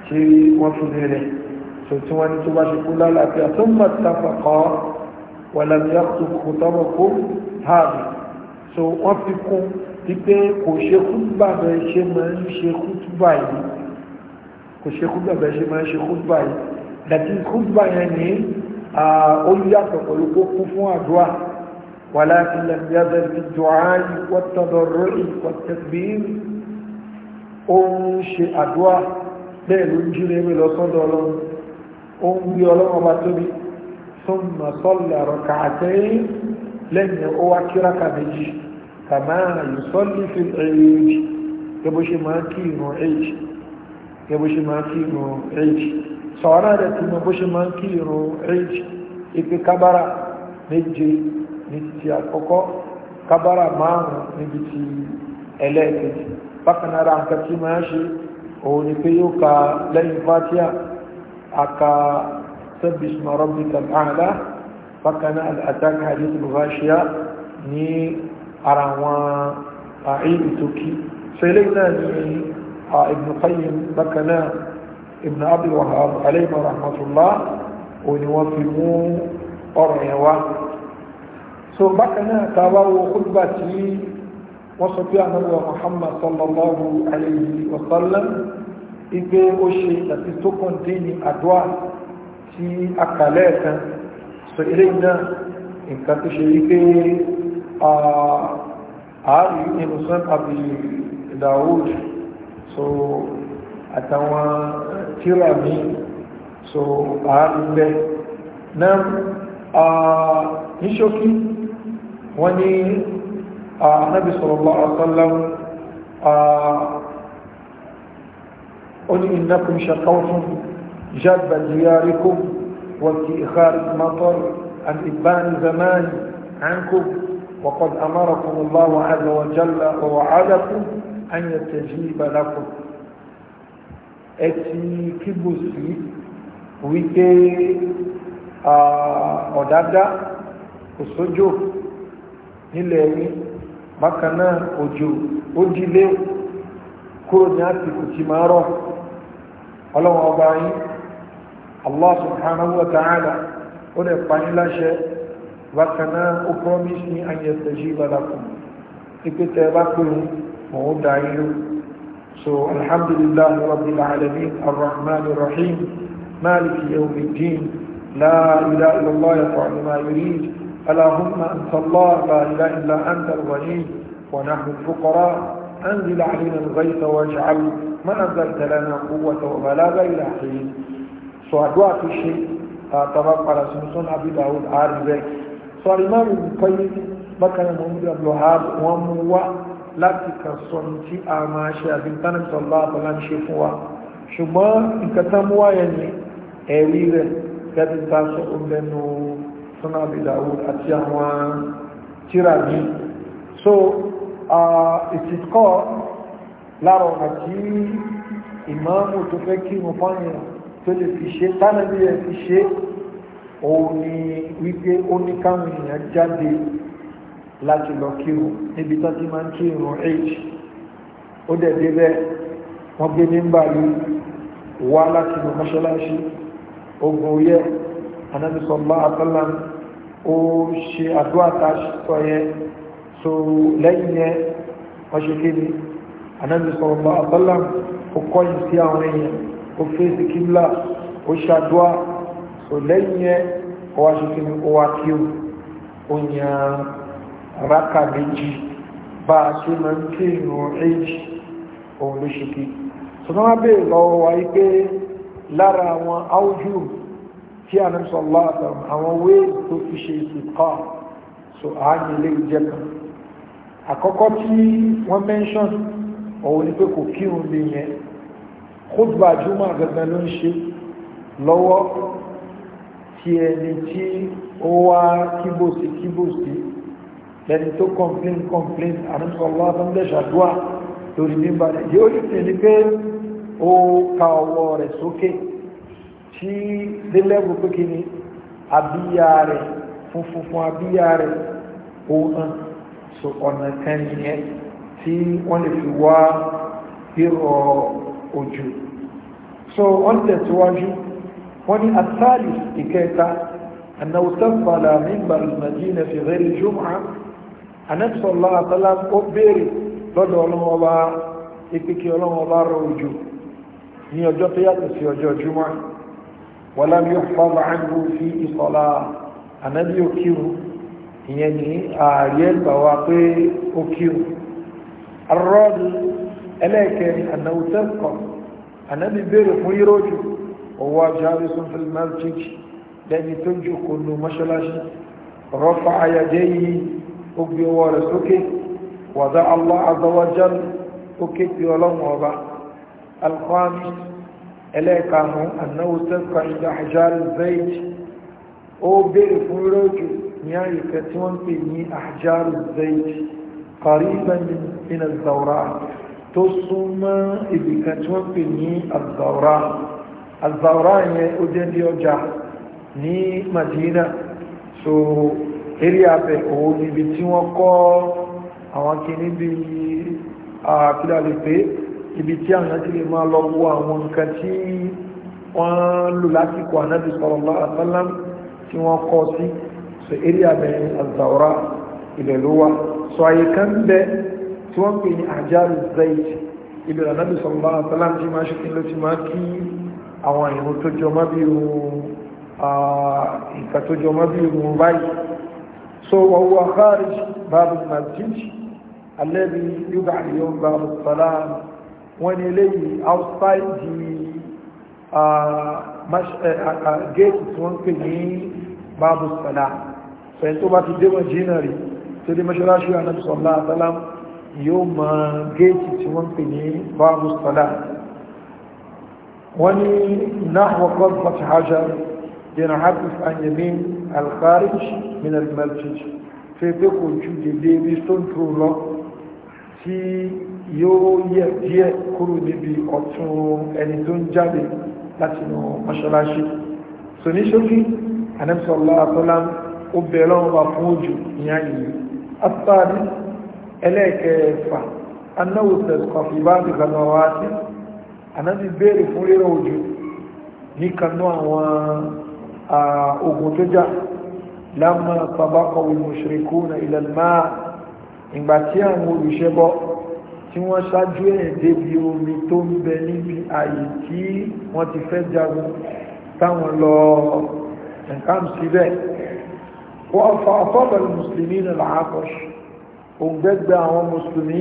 S1: tí wọ́n fi rẹ̀ so tí wọ́n ni tó bá ṣe kú lálàáfíà tó mọ̀ tafàkọ́ wàlàmíyà tó kò tọ́mọ̀ kó hàbì so wọ́n fi kún wípé kò ṣe kútùbà bẹ́ẹ̀ ṣe máa ṣe kútùbà yìí kò ṣe kútùbà bẹ́ẹ̀ ṣe máa ṣe kútùbà yìí ولكن لم يزل بالدعاء والتضرع والتكبير أنشئ أدواء بيلو جريم لصدر أم يولو أبطبي ثم صلى ركعتين لن يؤكرك بجي كما يصلي في العيد يبوشي ما كينو عيد يبوشي ما كينو عيد سورة يبوشي ما كينو عيد إبي كبرة méje ní ti àkọ́kọ́ kábàrà márùn-ún níbi ti ẹlẹ́ẹ̀kejì bákan náà nǹkan tí máa ń ṣe òun ni pé yóò ka lẹ́yìn fatia aka sabbihisma rabbikal a'la bákan náà al-ataka hadithul ghashiya ní ara àwọn àìlú tó kí náà ni ibn qayyim bákan náà ibn abdul wahab alayhi rahmatullah òun ni wọ́n fi mú ọ̀rọ̀ yẹn wá so bákan náà tàbá wo kúrúbà tí wọ́n sọ pé àmọ́wà Muhammad sallallahu alayhi wa sallam igbe ó ṣe àti tó kàn dé ní àdúrà tí a kàlẹ́ ẹ̀kan so eré náà nǹkan tó ṣe rí pé ààrí nínú sọ́n àbí Dawud so àtàwọn tíra mi so ààrí bẹ́ẹ̀ náà ní ṣókí wọ́n ní anábì sallallahu alaihi wasallam ó ní innakum shaqawtum jadba diyarikum wa ikhari matar an ibani zamani ankum وقد أمركم الله عز وجل ووعدكم أن يستجيب لكم ẹtì kíbùsì wípé ọ̀dádá kò sójò nílẹ̀ yín bákan náà òjò ó dílé kúrò ní àsìkò tí máa rọ̀ ọlọ́wọ́n ọba yín allah subhanahu wa ta'ala ó lè pa yín láṣẹ bákan náà ó promise ní àyẹ̀sẹ̀ yìí lọ́dàkùn ipe tẹ́ bá pè mí mò ń dá yín ló so alhamdulillah rabbil alamin arrahman arrahim maliki yawmiddin la ilaha illallah yaf'alu ma yurid اللهم أنت الله لا إله إلا أنت الغني ونحن الفقراء أنزل علينا الغيث واجعل ما أنزلت لنا قوة وبلاغ إلى حين سؤال الشيء تبقى على سنسون أبي داود عارف سؤال إمام القيم بكنا محمد عبد الوهاب وموا láti kan sọ ní tí a máa ṣe àbíntánà sọ̀lá àbọ̀lá ń ṣe fún wa ṣùgbọ́n nǹkan mú wáyẹ̀ ní ẹ̀rí rẹ̀ gẹ́gẹ́ bí ta sọ ọ̀bẹ̀nu sọ́nà àbìdàwò àti àwọn tíra ní so ìtìkọ́ lára ọ̀nà tí ìmáàmù tó fẹ́ kí mú fáyẹ̀ tó lè fi ṣe tánàbí ẹ̀ fi ṣe òun ni wípé ó ní káwọn èèyàn jáde láti lọ kírun níbi tó ti máa ń kírun h ó dẹ̀ débẹ̀ wọ́n gbé nígbà yìí wá láti lọ mọ́ṣáláṣí ogun yẹ anábìsọ̀ bá àtọ́lá ó ṣe àdúrà tá a so lẹ́yìn yẹn wọ́n ṣe kí ni anábì sallallahu alaihi wasallam ó kọ́yìn sí àwọn èèyàn ó fèsì kíbla ó ṣàdúrà so lẹ́yìn yẹn ó wá ṣe kí ni ó wá kí o ó yan rákà méjì bá a ṣe máa ń kí ìrùn èjì òun ló ṣe kí so wọ́n á lọ́wọ́ wa yí pé lára àwọn áwùjù tí a nẹ́sọ̀ láàtàm àwọn wéè tó fi ṣe ìsìnká so ààyè ilé ìjẹ́ kan àkọ́kọ́ tí wọ́n mẹ́ṣọ́n ọ̀wọ́ ní pé kò kírun lè yẹn khutba juma gangan ló ń ṣe lọ́wọ́ tí ẹni tí ó wá kíbòsí kíbòsí lẹni tó complain complain àrùnsọ̀ láàtàm lẹ́ṣàdúà lórí mímbà rẹ̀ yóò ní pé ó ka ọwọ́ rẹ̀ sókè okay tí délẹ́gbù pé kí ni abíyá rẹ̀ funfun fún abíyá rẹ̀ ó hàn so ọ̀nà kan nìyẹn tí wọ́n lè fi wá rírọ̀ ojú so wọ́n tẹ̀síwájú wọ́n ní àtàlì ìkẹta أنه تبقى على منبر المدينة في غير الجمعة Ànábì sallallahu alaihi wasallam ó béèrè lọ́dọ̀ ọlọ́wọ́ ọba ìpínkì ọlọ́wọ́ ọba rọ ojú ní ọjọ́ tó yàtọ̀ sí ọjọ́ jùmọ́ ولم يحفظ عنه في صلاة النبي يكيره يعني آريال بواقي أكيره الرابع ألاكن أنه تذكر النبي بيرف ويروجه وهو جالس في المسجد لأن تنجو كل مشلاش رفع يديه أكبر ورسوكه وضع الله عز وجل أكبر لهم وضع الخامس ẹlẹ́ẹ̀kanu anáwó tẹ́kọ̀ ìjọ àjálù zayd ó bèèrè fún rọ́jù ní àyíká tí wọ́n pè ní àjálù zayd qariban min az-zawra tó súnmọ́ ibìkà tí wọ́n pè ní az-zawra az-zawra yẹn ó jẹ́ ní ọjà ní madina so eré abẹ òun níbi tí wọ́n kọ́ àwọn kìíní bíi àkílà ah, lè pé ibi tí àwọn àti lè máa lọ wo àwọn nǹkan tí wọ́n lò lásìkò ànábì sallallahu alaihi wasallam tí wọ́n kọ́ sí so eré abẹ azawra ibẹ̀ ló wá so àyè kan bẹ tí wọ́n pè ní àjálù zayt ibẹ̀ ànábì sallallahu alaihi wasallam tí máa ṣe kí ló ti máa kí àwọn ìrùn tó jọ mọ́ bí ohun nǹkan tó jọ mọ́ bí ohun báyìí so wa huwa kharij babu masjid alladhi yud'a al-yawm babu salam wọ́n ní eléyìí outside the uh, eh, uh, uh, gate tí wọ́n pè ní babu salah fẹ́yìn tó bá ti dé Mọdínà rí tó dé mọ́ṣáláṣí Ànábì sallallahu alaihi wasallam yóò mọ gate tí wọ́n pè ní babu salah wọ́n ní nahwa qadfat jẹ́nà hafif an yamin al-kharij fẹ́ pé kò dédé bí stone throw lọ yóò yẹ díẹ̀ kúrò níbi ọ̀tún ẹni tó ń jáde láti nù mọ́ṣáláṣí so ní ṣókí anẹ́sọ̀lá àtọ́lá ó bẹ̀rẹ̀ wọn bá fún òjò ní àyè afáàdì ẹlẹ́ẹ̀kẹfà anáwó tẹ̀sùkọ̀fì bá ti gbàgbà wá sí anábì béèrè fún rírọ̀ òjò ní kanú àwọn ogun tó jà lámà pàbákọ̀ wal mushrikuna ila al-ma ìgbà tí àwọn olùṣẹ́bọ́ tí wọ́n ṣáájú ẹ̀ débi omi tó ń bẹ níbi ààyè tí wọ́n ti fẹ́ jagun táwọn lọ nǹkan síbẹ̀ wọ́n fa ọ̀fọ́bẹ̀lú mùsùlùmí ní làákọ̀ṣù òǹgbẹ́gbẹ́ àwọn mùsùlùmí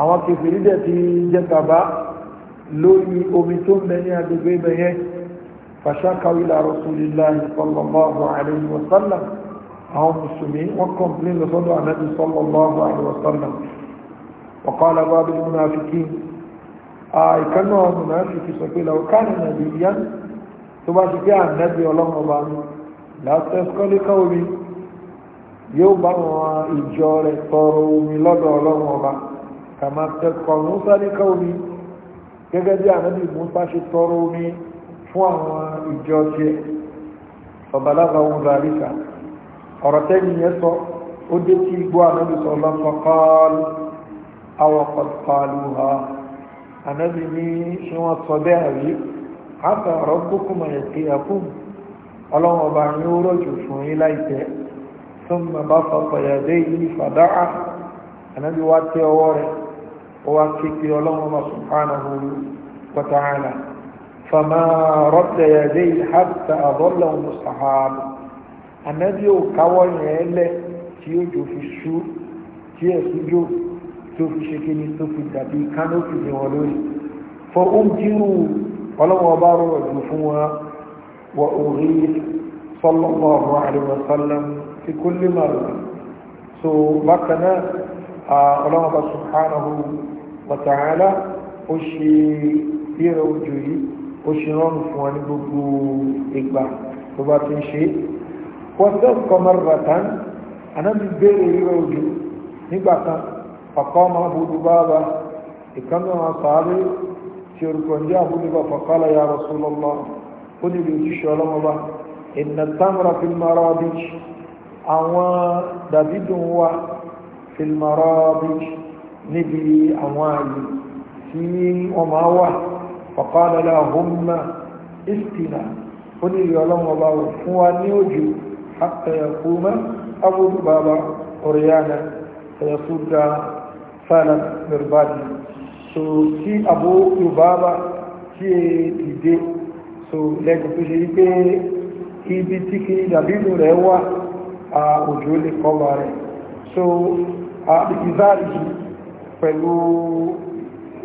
S1: àwọn kèfèrí dẹ̀ ti jẹ́ bàbá lórí omi tó ń bẹ ní agbègbè ibẹ̀ yẹn fàṣákàwí ila rasulillahi sallallahu alayhi wa sallam àwọn mùsùlùmí wọ́n kọ̀m̀plín lọ́sọ́dọ̀ ànábì وقال بعض المنافقين آي كانوا منافق سكي لو كان نبيا تبا سكي عن نبي الله ربان لا تسقى لقومي yóò bá wọn ìjọ rẹ̀ tọrọ omi lọ́dọ̀ ọlọ́run ọba kàmá tẹkọ̀ musa níkà omi gẹ́gẹ́ bí ànábì musa ṣe tọrọ omi fún àwọn ìjọ tiẹ̀ ọ̀bàlábà ohun ràríkà ọ̀rọ̀ tẹ́yìn yẹn sọ ó dé tí igbó ànábì sọ lọ́sọ̀kọ́ọ́lù awọ́kọ̀ pàlùwà anábì ní ṣe wọ́n sọ bẹ́ẹ̀ rí àtàrọ̀ kókùmọ̀ ẹ̀kẹ́ ẹ̀kùn ọlọ́wọ́n ọba yín ó rọ̀jù fún yín láìpẹ́ tó ń bàbá fọpọ̀ yàdé yìí fàdáà anábì wá tẹ ọwọ́ rẹ̀ ó wá ké pé ọlọ́wọ́n tí ó jò fi ṣú tí ẹ̀ jò tó fi ṣe kí ni tó fi dàbí kánópì ní wọn lórí fọ oúnjírù ọlọ́wọ́ bá rọrọ̀ jù fún wa wà orí sallallahu alaihi wasallam fi kulli marra so bákan náà ọlọ́wọ́ bá subhanahu wa ta'ala ó ṣe ìrọ̀ òjò yìí ó ṣe rọrùn fún wa ní gbogbo ìgbà tó bá ti ń ṣe wọ́n tẹ́ kọmọrọ̀ bàtán anábì bèèrè ìrọ̀ nígbà kan فقام أبو دبابة؟ إكمل صحابي تيركون جاء أبو ذبابة فقال يا رسول الله قل لي الله إن التمر في المرابج أوان دبيد هو في المرابج نبي أوان في أماوة فقال لهم استنا قل لي الله هو نيوجو حتى يقوم أبو دبابة أريانا فيصد sana mirbadi so tí Abu Lubaba tí è e dìde so lẹ́gbẹ̀ẹ́ tó ṣe wípé ibi tí kí dàbílù rẹ̀ wà a òjò lè kọba rẹ̀ so a ìzáàrì pẹ̀lú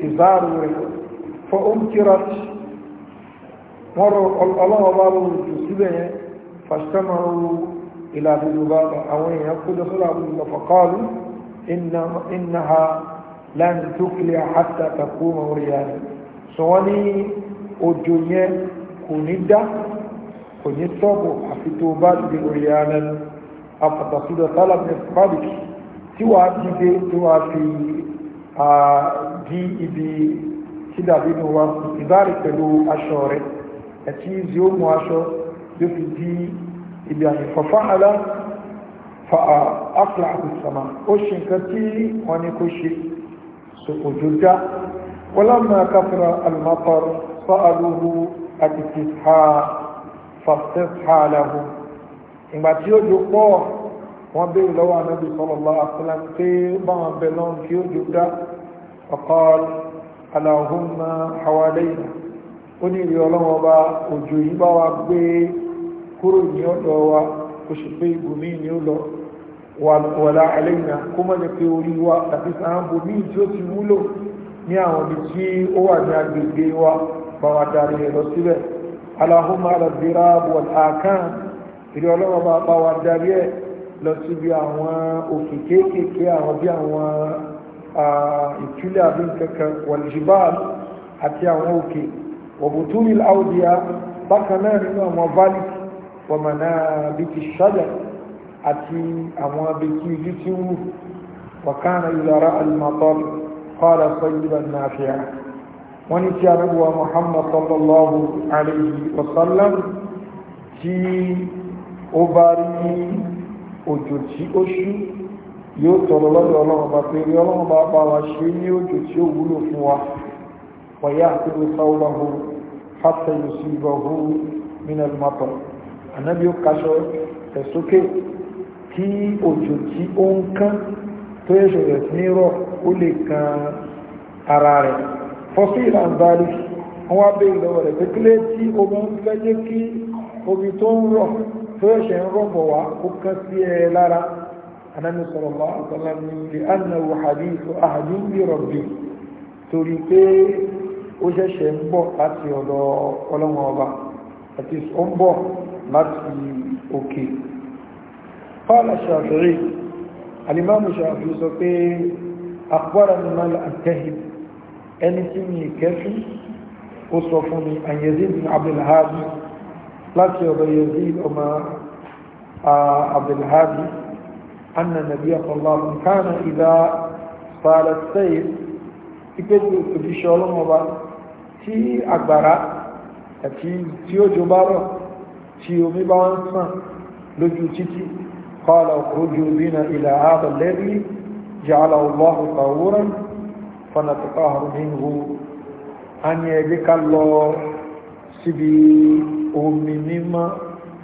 S1: ìzáàrì rẹ̀ fọ́ omkirati mọ́rọ̀ ọlọ́wọ́bá lóòjò síbẹ̀ yẹn fàṣtẹ́mọ̀rọ̀ ìlàdìlúbá àwọn èèyàn kó jọ sọ́lá àbúrúgbà fọ́kọ́lù إنها لن تفلح حتى تقوم وريانا سواني أجوية كندا كنصب أفتوبات بريانا أفتصد طلب نفقابك سوى أجيب سوى في دي إبي كده بين واسط إذارك له أشهر أتيز يوم وأشهر يفي دي إبي يعني ففعل afla abisama ó ṣe nǹkan tí wọ́n ní kó ṣe so òjò já walamma kafara al-matar sa'aluhu àtìtìhà fastafha lahu ìgbà tí ó jò pọ̀ wọ́n bèèrè lọ́wọ́ anábì sallallahu alaihi wasallam pé báwọn bẹ̀ lọ́n kí ó jò dá faqal allahumma ó ní ìrì ọlọ́wọ́ bá òjò yìí bá wa gbé kúrò ní ọ̀dọ̀ wa kó ṣe pé ibòmí ni ó lọ wàlá àlẹ́yìn kó mọ́ jẹ́ pé orí wa tàbí sàn bòmí tí ó ti wúlò ní àwọn ibi tí ó wà ní agbègbè wa bá wa darí rẹ̀ lọ síbẹ̀ aláhùnmá àlàbírà wọ̀láàkán ìrí ọlọ́wọ́ bá bá wa darí ẹ̀ lọ síbi àwọn òkè kéékèèké àwọn bí àwọn ìtúlẹ̀ àbí kankan wàlìjìbáàlì àti àwọn òkè wọ̀bùtúmìl áwùdíyà bákan náà nínú àwọn válìtì ومنابت الشجر أتي أموابتي جتو وكان إذا رأى المطر قال صيبا نافعا ونسي نبوة محمد صلى الله عليه وسلم تي أباري òjò tí ó ṣú yóò tọrọ lọ́dọ̀ ọlọ́run bá pé rí ọlọ́run bá bá wa ṣe ní òjò tí ó wúlò fún wa wọ̀yá àti ìrúsáwọ́lọ́hùn hátẹ̀yọ̀sí ìbọ̀hùn mínẹ́lùmọ́tọ̀ ànábì ó kaṣọ ẹ̀sókè kí òjò tí ó ń kán tó yẹ ṣẹ̀rẹ̀ sí rọ̀ ó lè kan ara rẹ̀ fọ́sí ìlànbárí wọ́n wá bèèrè lọ́wọ́ rẹ̀ pé kílé tí omi ń fẹ́ kí omi tó ń rọ̀ tó yẹ ṣẹ̀ ń rọ̀bọ̀ wá ó kán sí ẹ lára ànábì sallallahu alaihi wasallam li annahu hadithu ahadin bi rabbi torí pé ó ṣẹ̀ṣẹ̀ ń bọ̀ láti ọ̀dọ̀ ọlọ́wọ́n ọba àti ó ń bọ̀ láti òkè qala Shafi'i alimamu Shafi'i sọ pé àpọ́ra ní máa àtẹ́hì ẹni tí mi kẹfí ó sọ fún mi an Yazid bin Abdulhadi láti ọ̀dọ̀ Yazid ọmọ Abdulhadi anna nabiyya sallallahu alaihi wasallam kana idha salat sayf tí ó jọ bá rọ̀ tí omi bá ń sàn lójú títí qala ukhruju bina ila hadha alladhi ja'alahu Allahu tahuran fanatahharu minhu a ní ẹgbẹ́ ká lọ síbi omi mímọ́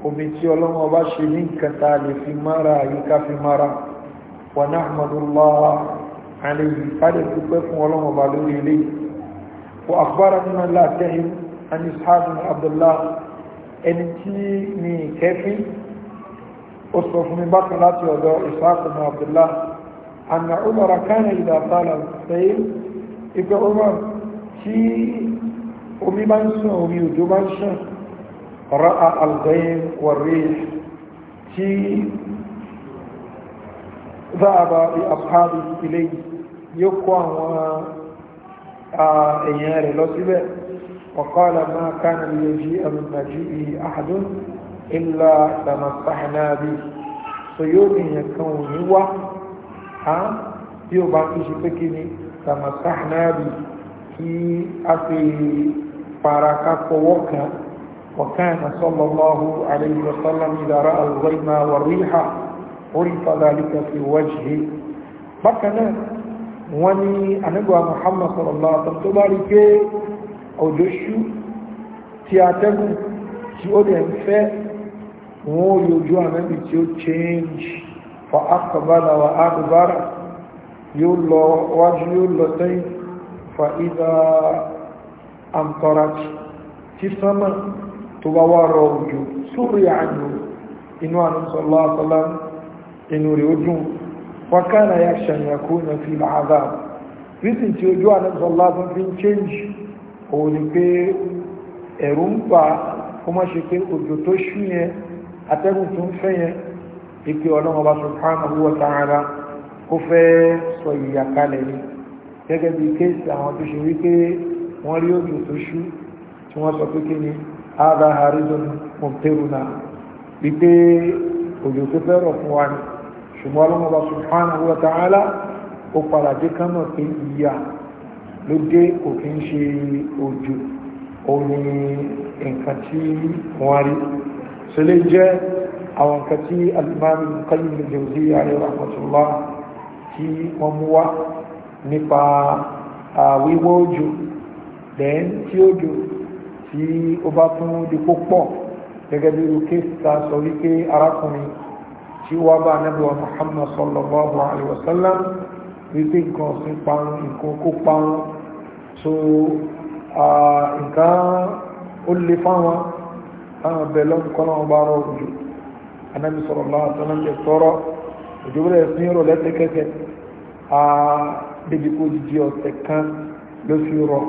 S1: omi tí ọlọ́wọ́ bá ṣe ní kẹta lè fi mara àyíká fi mara wa nahmadullaha alayhi kádẹ̀ tó ẹni tí ní ìkẹfí ó sọ fún mi bákan láti ọ̀dọ̀ ìsáàkùnmù abdullah anna umar kánà ìdá tààlà sẹ́yìn ìpẹ́ umar tí omi bá ń sàn omi òjò bá ń sàn ra'a algayin wàrí tí záàbà ìapáàbì ilé yóò kó àwọn èèyàn rẹ̀ lọ síbẹ̀ وقال ما كان ليجيء من مجيئه أحد إلا تمسحنا به سيومي يكون هو ها يوبا إشبكني تمسحنا به في أفي باركا فوقا وكان صلى الله عليه وسلم إذا رأى الغيم والريح عرف ذلك في وجهه بكنا وني أنقوى محمد صلى الله عليه وسلم òjò ṣú tí atẹ́gùn tí ó dẹ̀ ń fẹ́ wọn ò yọjú ànábì tí ó change fa akọ̀bálà wa agbára yóò lọ wájú yóò lọ tẹ́yìn fa ìdá àǹtọ́rajì tí sánmà tó bá wá rọ òjò sórí àjò inú àníṣọ́lá àtọ́lá inú rẹ̀ ó dùn wákàrà yà ṣàyàkó na fi àzáà rísìn tí ojú àníṣọ́lá tó fi ń change òun ni pé ẹ̀rù ń bà kó má ṣe pé òjò tó ṣú yẹn atẹ́gùn tó ń fẹ́ yẹn ipe ọlọ́run ọba subhanahu wa ta'ala ó fẹ́ sọ ìyà kalẹ̀ ni gẹ́gẹ́ bí kéèsì àwọn tó ṣe wípé wọ́n rí òjò tó ṣú tí wọ́n sọ pé kí ni ara harizon monteruna wípé òjò tó fẹ́ rọ̀ fún wa ni ṣùgbọ́n ọlọ́run ọba subhanahu wa ta'ala ó padà dé kánà pé ìyà ló dé kò kí ń ṣe ojú omi nǹkan tí wọ́n rí so lè jẹ́ àwọn nǹkan tí alimami Qayyim al-Jawziyya alayhi rahmatullah tí wọ́n mú wá nípa wíwọ́ ojú then tí ojú tí ó bá tún di púpọ̀ gẹ́gẹ́ bí irú kéèsìta sọ wípé arákùnrin tí wọ́n bá anábíwá Muhammad sallallahu alayhi wa wípé nǹkan ọ̀sìn parun nǹkan oko parun so nǹkan ó lè fáwọn táwọn bẹ̀ lọ́nà kan náà bá rọ òjò anábì sọ̀rọ̀ bá àtọ́nà jẹ tọrọ òjò bẹ̀rẹ̀ sí rọ lẹ́sẹ̀kẹsẹ̀ débi kó jíjí ọ̀sẹ̀ kan ló fi rọ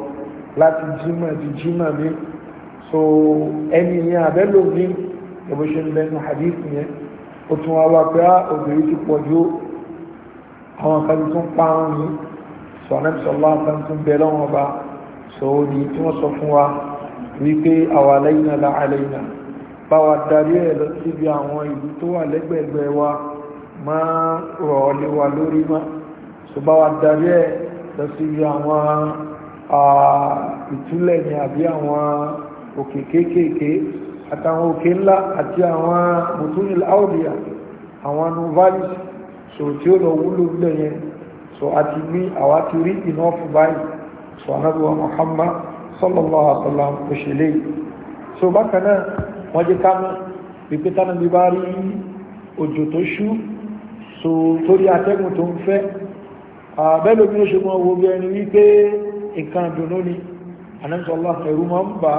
S1: láti jímọ̀ ti jímọ̀ mi so ẹni yẹn abẹ́lòmí ẹ̀bùsùn lẹ́nu hadith yẹn ó tún wá wá pé ah, òbí ti pọ̀ jù àwọn kan tó ń parun ní sọ̀nẹ́bísọ̀lá kan tó ń bẹ lọ́wọ́ bá sọ̀rọ̀ ní tí wọ́n sọ fún wa wípé àwa lẹ́yìnà láàlẹ́yìnà bá darí ẹ̀ lọ síbi àwọn ìlú tó wà lẹ́gbẹ̀ẹ́gbẹ̀ wa máa rọ̀ lórí so tí ó lọ wúlò lẹ̀ yẹn so a ti ní àwa ti rí iná fún báyìí so anábíwá Muhammad sallallahu alaihi wa sallam kò ṣe lè so bákan náà wọ́n jẹ́ kánú pípẹ́ tánà bí bá rí òjò tó ṣú so torí atẹ́gùn tó ń fẹ́ àbẹ́lò bí ó ṣe mọ́ gbogbo ẹni wípé nǹkan dùnú ni anẹ́sọ́lá ẹ̀rú máa ń bá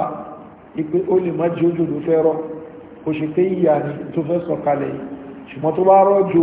S1: ipé ó lè má jí ojú ló fẹ́ rọ́ ó ṣe pé ìyà ni tó fẹ́ sọ̀kalẹ̀ ṣùgbọ́n tó bá rọ́jò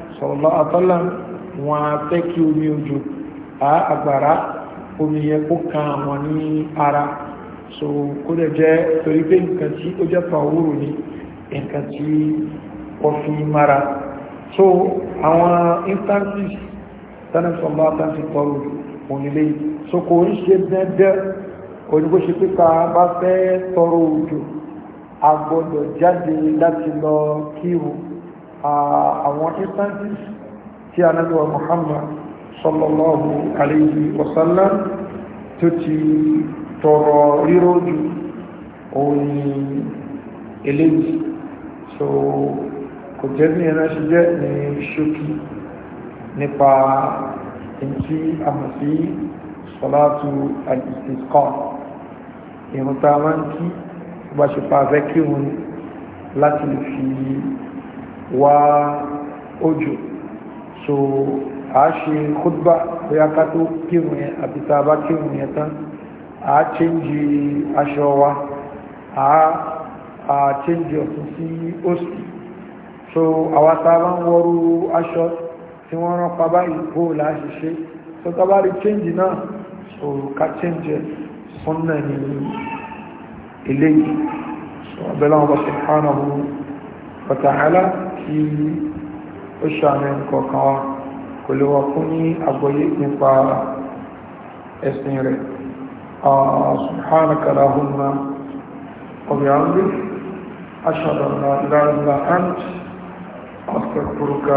S1: sallallahu alaihi wasallam wọn á fẹ́ kí omi òjò àgbàrá omi yẹn kó kan àwọn ní ara so kó lè jẹ́ torí pé nǹkan tí ó jẹ́ pàwúrò ní nǹkan tí wọ́n fi mara so àwọn instances tánàfọ́nbá tánàfí tọrọ onílé so kò ń ṣe dẹ́dẹ́ onígbó ṣe pípa bá fẹ́ tọrọ òjò a jáde láti lọ kírun àwọn instances tí a nábíwa muhammad sallallahu alayhi wasallam tó ti tọrọ ríro jù òun ni so kò jẹ́ ní ẹ̀nà ṣe jẹ́ ní ṣókí nípa ìtí àmàsí sọ́látù al ìrùntà máa ń kí bá ṣe pa fẹ́ kírun láti fi wá òjò so a ṣe khutba bóyá ká tó kírun yẹn àbí tá a bá kírun yẹn tán a chẹ́ǹjì aṣọ wa a a chẹ́ǹjì ọ̀tún sí òsì so àwa tá a bá ń wọrú aṣọ tí wọ́n rán pa báyìí bó láti ṣe so tá a rí chẹ́ǹjì náà so ká chẹ́ǹjì sunna ni eléyìí so abẹ́lẹ́ wọn bá subhanahu wa ta'ala kí ó ṣàmì kọ̀ọ̀kan wa kò lè wà fún ní àgbọ́yé nípa ẹ̀sìn rẹ̀ سبحانك اللهم وبحمدك أشهد أن لا إله إلا أنت أستغفرك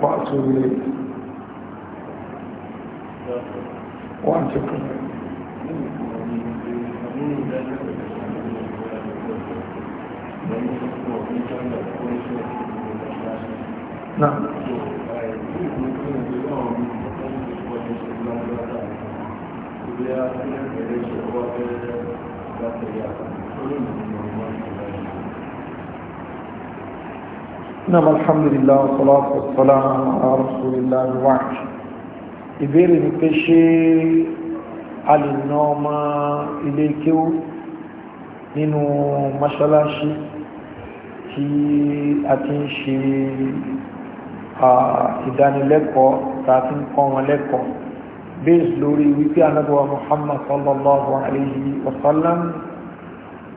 S1: وأتوب إليك
S2: وأنت كذلك náà
S1: نعم الحمد لله والصلاة والسلام على رسول الله وعج ìbéèrè ní pé ṣé a lè ná ọmọ ilé kéwú nínú mọ́ṣáláṣí tí a ti ń ṣe ìdánilẹ́kọ̀ọ́ tá a ti ń kọ́ wọn lẹ́kọ̀ọ́ based lórí wípé anábọ̀wà Muhammad sallallahu alayhi wa sallam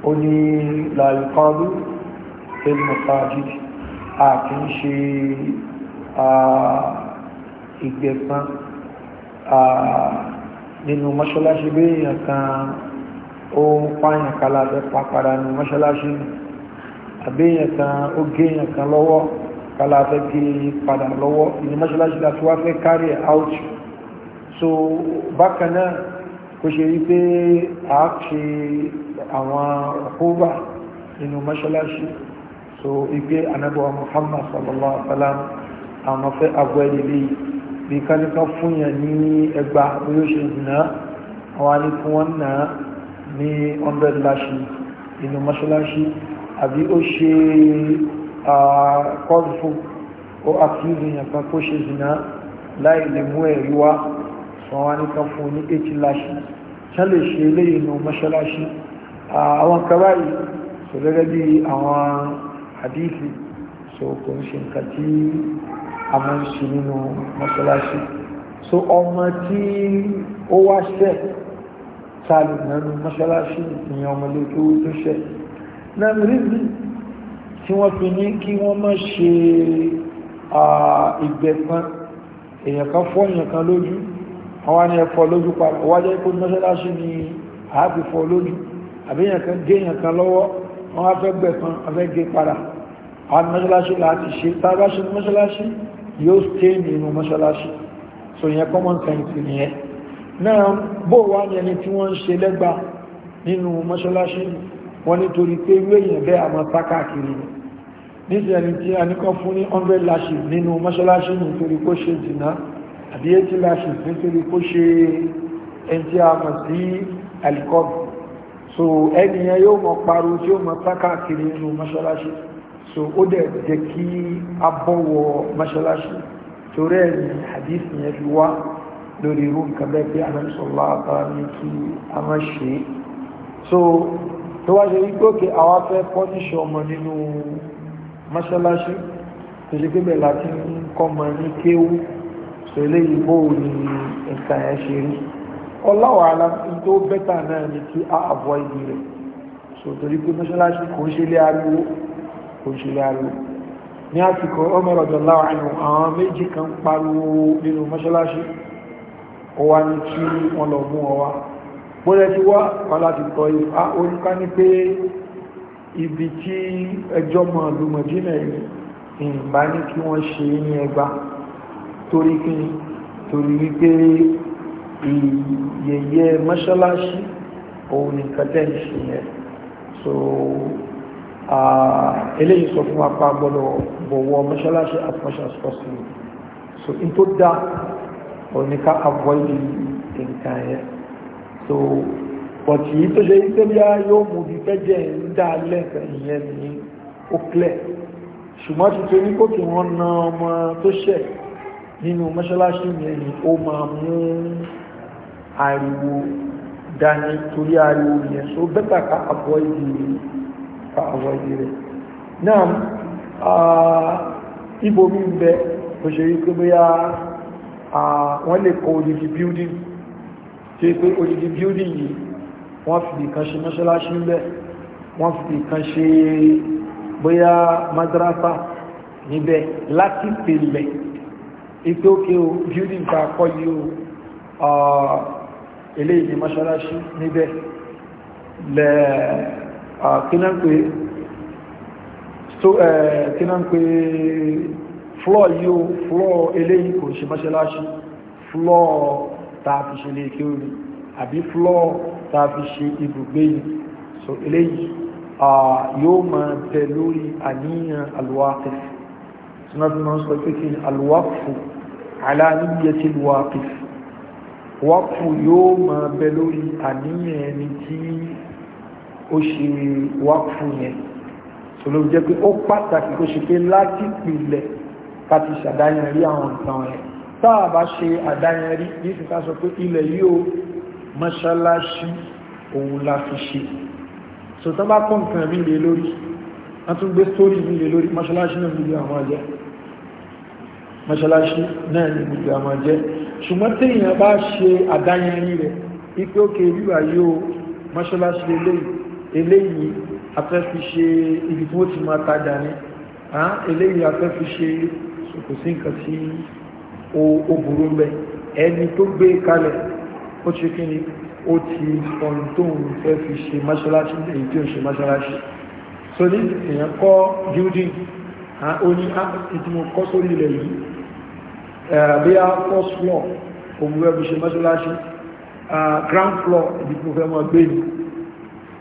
S1: ó ní la yuqadu fil masajid a kì ń ṣe ìgbẹ̀san nínú mọ́ṣáláṣí bí kan ó ń pààyàn kálá pàpàdà nínú mọ́ṣáláṣí nù àbẹ́yàn kan ó gẹ́yàn kan lọ́wọ́ kala fẹ́ gé padà lọ́wọ́ ìní mọ́ṣáláṣí láti wá fẹ́ kárí out so bákan náà kò ṣe rí pé a ṣe àwọn ọkọ́bà nínú mọ́ṣáláṣí so ipe anabuwa muhammad sallallahu alaihi wa àwọn fẹ́ àgọ́ ẹ̀lẹ́lẹ́yìí bí káníká fún yà ní ẹgbà bóyó ṣe ìdìnà àwọn alẹ́kùn wọn náà ní 100 láṣí inú mọ́ṣáláṣí àbí ó ṣe kọ́rùfù ó àfihàn èèyàn kan kó ṣe zìnà láì lè mú ẹ̀rí wá sọ wá ní kan fún ní eighty lashes ṣá lè ṣe eléyìí nù mọ́ṣáláṣí àwọn kabáyì sọ gẹ́gẹ́ bí àwọn hadithi so kò ń ṣe nǹkan tí a máa ń ṣe nínú mọ́ṣáláṣí so ọmọ tí ó wá ṣẹ̀ tá a lè nánú ọmọlé tó ṣẹ̀ na rízi tí wọ́n fi ní kí wọ́n má ṣe ìgbẹ̀fán èèyàn kan fọ́ èèyàn kan lójú àwọn ni ẹ̀fọ́ lójú padà wájẹ́ kó mọ́ṣáláṣí ni àáfífọ́ lójú àbí èèyàn kan gé èèyàn kan lọ́wọ́ wọ́n á fẹ́ gbẹ̀fán á fẹ́ gé padà àwọn mọ́ṣáláṣí láti ṣe tábáṣí so yẹn common sense nìyẹn náà bó wá ní ẹni tí wọ́n ń ṣe lẹ́gbàá nínú mọ́ṣáláṣí wọ́n nítorí pé irú èèyàn bẹ́ẹ̀ àmọ́ pákàkiri ni níṣẹ́ ẹni tí a ní kọ́ fún ní 100 lashes nínú mọ́ṣáláṣí nítorí kó ṣe jìnnà àbí 80 lashes nítorí kó ṣe ẹni tí sí alikọ́bù so ẹnìyàn yóò mọ̀ pariwo tí ó mọ̀ pákàkiri nínú mọ́ṣáláṣí so ó dẹ̀ jẹ́ kí a bọ̀wọ̀ mọ́ṣáláṣí torí ẹ̀yìn hadith yẹn fi wá lórí irú nǹkan bẹ́ẹ̀ pé anamsọ̀lá àtàwọn a má ṣe so tó wáṣe wípókè àwọn afẹ́ pọ́níṣọ́ ọmọ nínú mọ́ṣáláṣí tó ṣe pébẹ̀ láti ń kọ́mọ ní kéwú pẹ̀lú ìbò ní ẹ̀ka ẹ̀ ṣe rí ọláwà ara tó bẹ́tà náà ni kí a àbọ̀ ibi rẹ̀ so torí pé mọ́ṣáláṣí kò ń ṣe lé ariwo kò ń ṣe lé ariwo ní àsìkò Umar radiyallahu anhu àwọn méjì kan pariwo nínú mọ́ṣáláṣí ó wá kí wọ́n lọ mú ọ wá bóyá ti wá wọn láti tọ́ ifá oníká ní pé ibi tí ẹjọ́ mọ̀ lùmọ̀dínà ìgbà ní kí wọ́n ṣe ní ẹgbà torí kí torí wípé ìyẹyẹ mọ́ṣáláṣí òun nìkan tẹ́ ń ṣe yẹn so eléyìí sọ fún apá gbọ́dọ̀ bọ̀wọ̀ mọ́ṣáláṣí so in tó dá òun nìkan avoid nǹkan yẹn so pọ̀tí tó ṣe ìtẹ́lẹ́yà yóò mú bí fẹ́jẹ̀ ń dá lẹ́ẹ̀kan ìyẹn ní ó clear ṣùgbọ́n ti torí kò kí wọ́n na ọmọ tó ṣẹ̀ nínú mọ́ṣáláṣí yẹn ni ó máa mú ariwo dání torí ariwo yẹn so bẹ́tà ká àbọ̀ ìdí ká àbọ̀ ìdí rẹ̀ náà ibo mi ń bẹ òṣèré pé bóyá wọ́n lè kọ́ odidi building tó yí pé odidi building yìí wọ́n fi nìkan ṣe mọ́ṣáláṣí ń bẹ̀ wọ́n fi nìkan ṣe bóyá madrasa níbẹ̀ láti pèlẹ̀ ipé òkè o building ta kọ́ yìí o eléyìí ni mọ́ṣáláṣí níbẹ̀ lẹ́ kínáńpé kínáńpé floor yìí o floor eléyìí kò ṣe mọ́ṣáláṣí floor tá a fi ṣe lè kí orí àbí flọ́ọ̀ tá fi ṣe ibùgbé so eléyìí yóò máa tẹ lórí àníyàn alwaqif tí wọ́n fi máa ń sọ pé kí alwaqfu ala niyyati alwaqif waqfu yóò máa bẹ lórí àníyàn ẹni tí ó ṣe waqfu yẹn so ló pé ó pàtàkì kó ṣe pé láti pìlẹ̀ ká ṣàdáyàn rí àwọn nǹkan yẹn táà bá ṣe àdáyẹrí ní ìfìká sọ pé ilẹ̀ yóò mọ́ṣáláṣí òun la fi ṣe so tán bá kọ́ nǹkan mi lè lórí wọ́n tún gbé sórí mi lè lórí mọ́ṣáláṣí náà nílùú àwọn ajẹ́ mọ́ṣáláṣí náà nílùú àwọn ajẹ́ ṣùgbọ́n tí bá ṣe àdáyẹrí rẹ̀ ipé òkè wíwà yóò mọ́ṣáláṣí eléyìí afẹ́ fi ṣe ibi tí wọ́n ti máa tajà ní eléyìí afẹ́ fi ṣe kò nǹkan tí ó burú mẹ́ ẹni tó gbé kalẹ̀ ó ṣe kí ni ó ti ọ̀rùn tó ń fẹ́ fi ṣe mọ́ṣáláṣí èyí tí ó ṣe mọ́ṣáláṣí so ní èèyàn kọ́ building ó ní ìdìmọ̀ ah, kọ́ sórí ilẹ̀ yìí bí a first floor òun fẹ́ fi ṣe mọ́ṣáláṣí ground floor ibi tí mo fẹ́ mọ́ gbé ni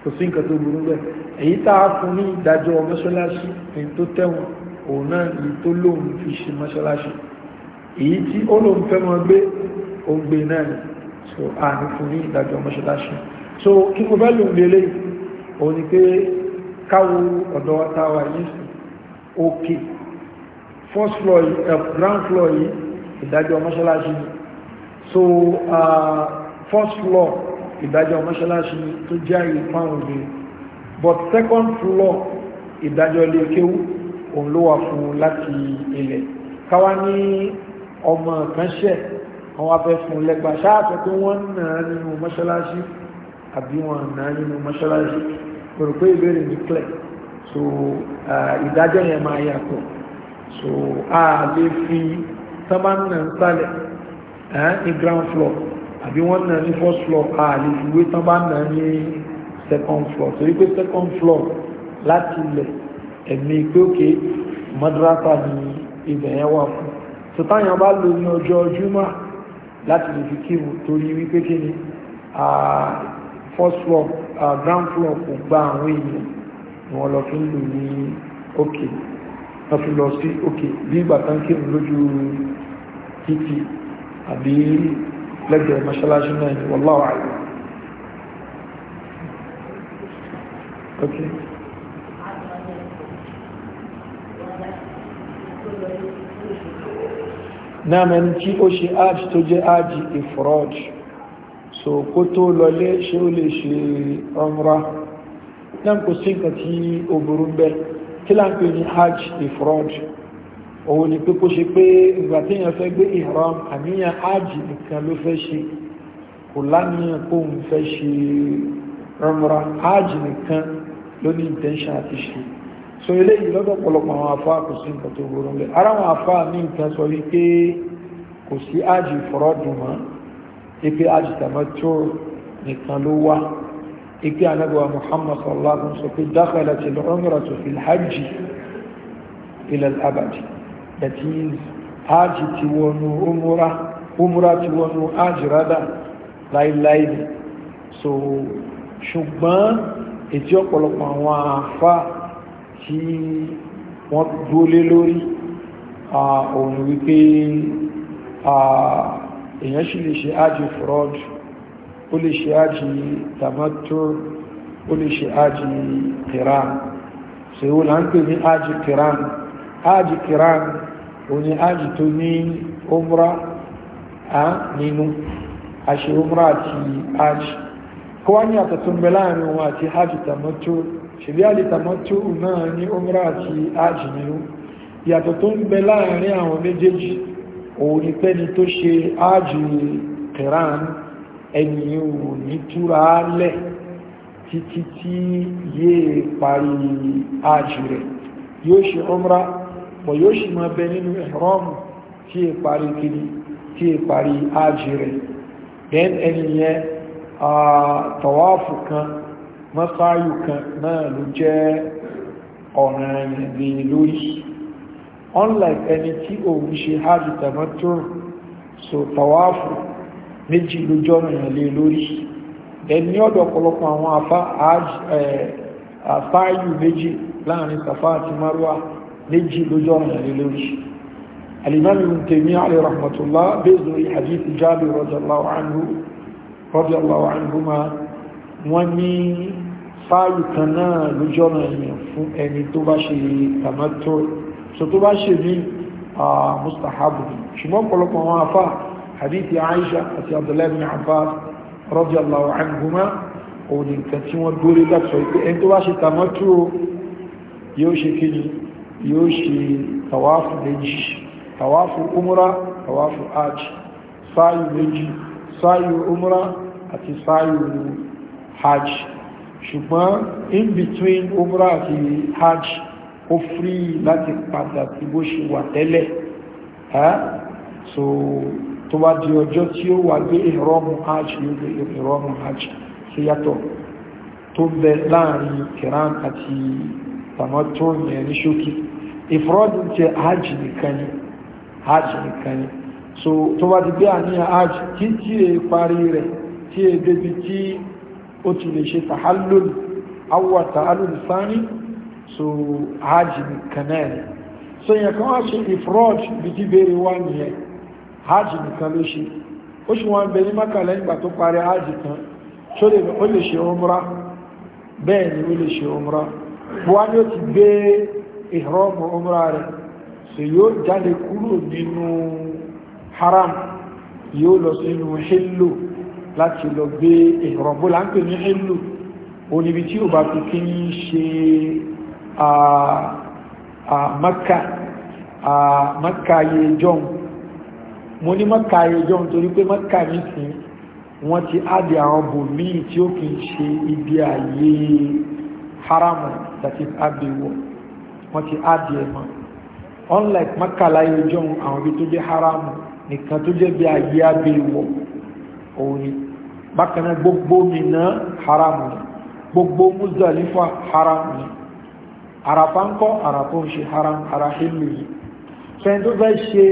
S1: kò sí nǹkan tó burú bẹ́ẹ̀ èyí tá a fún ní ìdájọ́ mọ́ṣáláṣí èyí tó tẹ̀wọ̀n òun náà èyí tó lóun fi ṣe mọ́ṣáláṣí èyí tí ó ló ń fẹ́ mọ́ gbé ó náà ni so a ní fún ní ìdájọ́ mọ́ṣáláṣí so kí mo fẹ́ lò ń lélẹ̀ ò ní pé káwo ọ̀dọ́ táwa yìí òkè first floor yìí eh, ground floor yìí ìdájọ́ mọ́ṣáláṣí ni so uh, first floor ìdájọ́ mọ́ṣáláṣí ni tó jẹ́ àyè fáwọn obìnrin but second floor ìdájọ́ ilé kéwú òun ló wà fún láti ilẹ̀ káwa ní ọmọ kan ṣẹ̀ àwọn afẹ́ fún lẹ́gbà ṣáàtọ̀ tó wọ́n nà á nínú mọ́ṣáláṣí àbí wọn nà á nínú mọ́ṣáláṣí mo rò pé ìbéèrè mi clear so ìdájọ́ yẹn máa yàtọ̀ so a lè fi sábàánà ń sálẹ̀ ní ground floor àbí wọ́n nà ní first floor a lè fi wé sábàánà ní second floor torí pé second floor láti ilẹ̀ ẹ̀mí pé òkè madrasa ni ibẹ̀ yẹn wà fún so táyàn bá lò ní ọjọ́ júmọ́ láti lè fi kí torí wípé kí ni first floor ground floor kò gba àwọn èèyàn ni wọ́n lọ fi ń lò ní òkè wọ́n fi lọ sí òkè bí ìgbà tán kí ni lójú títì àbí lẹ́gbẹ̀ẹ́ mọ́ṣáláṣí náà ni wallahu a'lam Okay. Thank you náà mẹ́ni tí ó ṣe ájì tó jẹ́ ájì ifrad so kó tó lọlé ṣé ó lè ṣe umra náà kò sí nǹkan tí ó burú bẹ́ẹ̀ kí là ń pè ní ájì ifrad òun ni pé kó ṣe pé ìgbà téèyàn fẹ́ gbé ihram àníyàn ájì nìkan ló fẹ́ ṣe kò láníyàn kó ń fẹ́ ṣe umra ájì nìkan ló ní intention àti ṣe so eléyìí lọ́dọ̀ pọ̀lọpọ̀ àwọn afá kò sí nǹkan tó gbóró lẹ̀ ara àwọn afá ní nǹkan sọ wípé kò sí ájì fọ́rọ́dùn mọ́ ipe ájì tàmátó nìkan ló wá ipe anábíwá muhammad sallallahu alaihi wasallam sọ pé dákàlà ti lọ ọmọrà tó fi hajji ilẹ̀ abadi that is ájì ti wọnú umura umura ti wọnú ájì rádà láíláí so ṣùgbọ́n ètí ọ̀pọ̀lọpọ̀ àwọn afá tí wọ́n dúó lé lórí òun wípé èyàn sì lè ṣe ájì fraud ó lè ṣe ájì tamattu ó lè ṣe ájì kiran ṣe ó là ń pè ní ájì kiran ájì kiran ó ní ájì tó ní umra nínú a ṣe umra àti ájì kọ́wá ní àtàtúnbẹ̀ láàrin wọn àti ájì tamattu ṣùgbọ́n alìtàmọ́tò náà ní umra àti ajì nínú ìyàtọ̀ tó ń bẹ láàrin àwọn méjèèjì òun ni pẹ́ni tó ṣe ajì kẹran ẹni ò ní túra lẹ̀ títí tí yéé parí ajì rẹ̀ yóò ṣe umra bọ̀ yóò ṣì máa bẹ nínú ihramu tí è parí kiri tí è parí ajì rẹ̀ ẹni yẹn ah, kan mọ́fáyù kan náà ló jẹ́ ọ̀ràn ìrìnlẹ̀ lórí unlike ẹni tí òun ṣe hajj tamattu so tawafu méjì lójọ́ ìrìnlẹ̀ lórí ẹni ọ̀dọ̀ ọ̀pọ̀lọpọ̀ àwọn eh, àfáyù méjì láàrin safa àti marwa méjì lójọ́ ìrìnlẹ̀ lórí الإمام ابن تيمية عليه رحمة الله بذل حديث جابر رضي الله عنه رضي الله عنهما وني fáàlù kan náà lójọ́ ọ̀nà èèyàn fún ẹni tó bá ṣe tàmátọ́ so tó bá ṣe ní mustahabu ṣùgbọ́n ọ̀pọ̀lọpọ̀ àwọn afá hadithi aisha àti abdullahi bin abbas radiyallahu anhuma òun ni nǹkan tí wọ́n dórí látọ̀ pé ẹni tó bá ṣe tàmátọ́ yóò ṣe kí ni yóò ṣe tàwáfù méjì tàwáfù umra tàwáfù aj sáyù méjì sáyù umra àti sáyù hajj ṣùgbọ́n in between umra àti hajj ó frí láti padà tí bó ṣe wà tẹ́lẹ̀ so tó bá di ọjọ́ tí ó wà gbé ìrọ́mù hajj yóò gbé ìrọ́mù hajj sí yàtọ̀ tó bẹ láàrin kiran àti tamattu yẹn ní ṣókí ìfọ́rọ́dù tẹ hajj nìkan ni hajj nìkan ni so tó bá di bí àníyàn hajj tí tí è parí rẹ̀ tí è débi tí ó ti lè ṣe tàhálùl awọ tàhálùl sáni so hajj nìkan náà ni so yẹn kan wá ṣe ifrod bí ti béèrè wá nìyẹn hajj nìkan ló ṣe ó ṣe wọn bẹ ní maka lẹ́yìn ìgbà tó parí hajj kan tó lè ó lè ṣe umra bẹ́ẹ̀ ni ó lè ṣe umra wọ́n ni ti gbé ìhrọ́mù umra rẹ̀ so yóò jáde kúrò nínú haram yóò lọ sínú hillu láti lọ gbé ìrọ̀bó là ń pè ní ìlú oníbi tí ó bá fi kí ń ṣe maka maka ayé jọun mo ní maka ayé jọun torí pé maka nìsín wọ́n ti áàdì àwọn bòmíì tí ó kì í ṣe ibi ayé haramu láti áàdì wọ̀ wọ́n ti áàdì ẹ̀mọ́ unlike maka láyé jọun àwọn ibi tó jẹ́ haramu nìkan tó jẹ́ bí ayé abẹ́ wọ̀ òun ni bákan náà gbogbo Mínà haramu ni gbogbo Muzdalifa haramu ni àràfà ń kọ́ ń ṣe haram ara hìlù yìí sẹ́yìn tó fẹ́ ṣe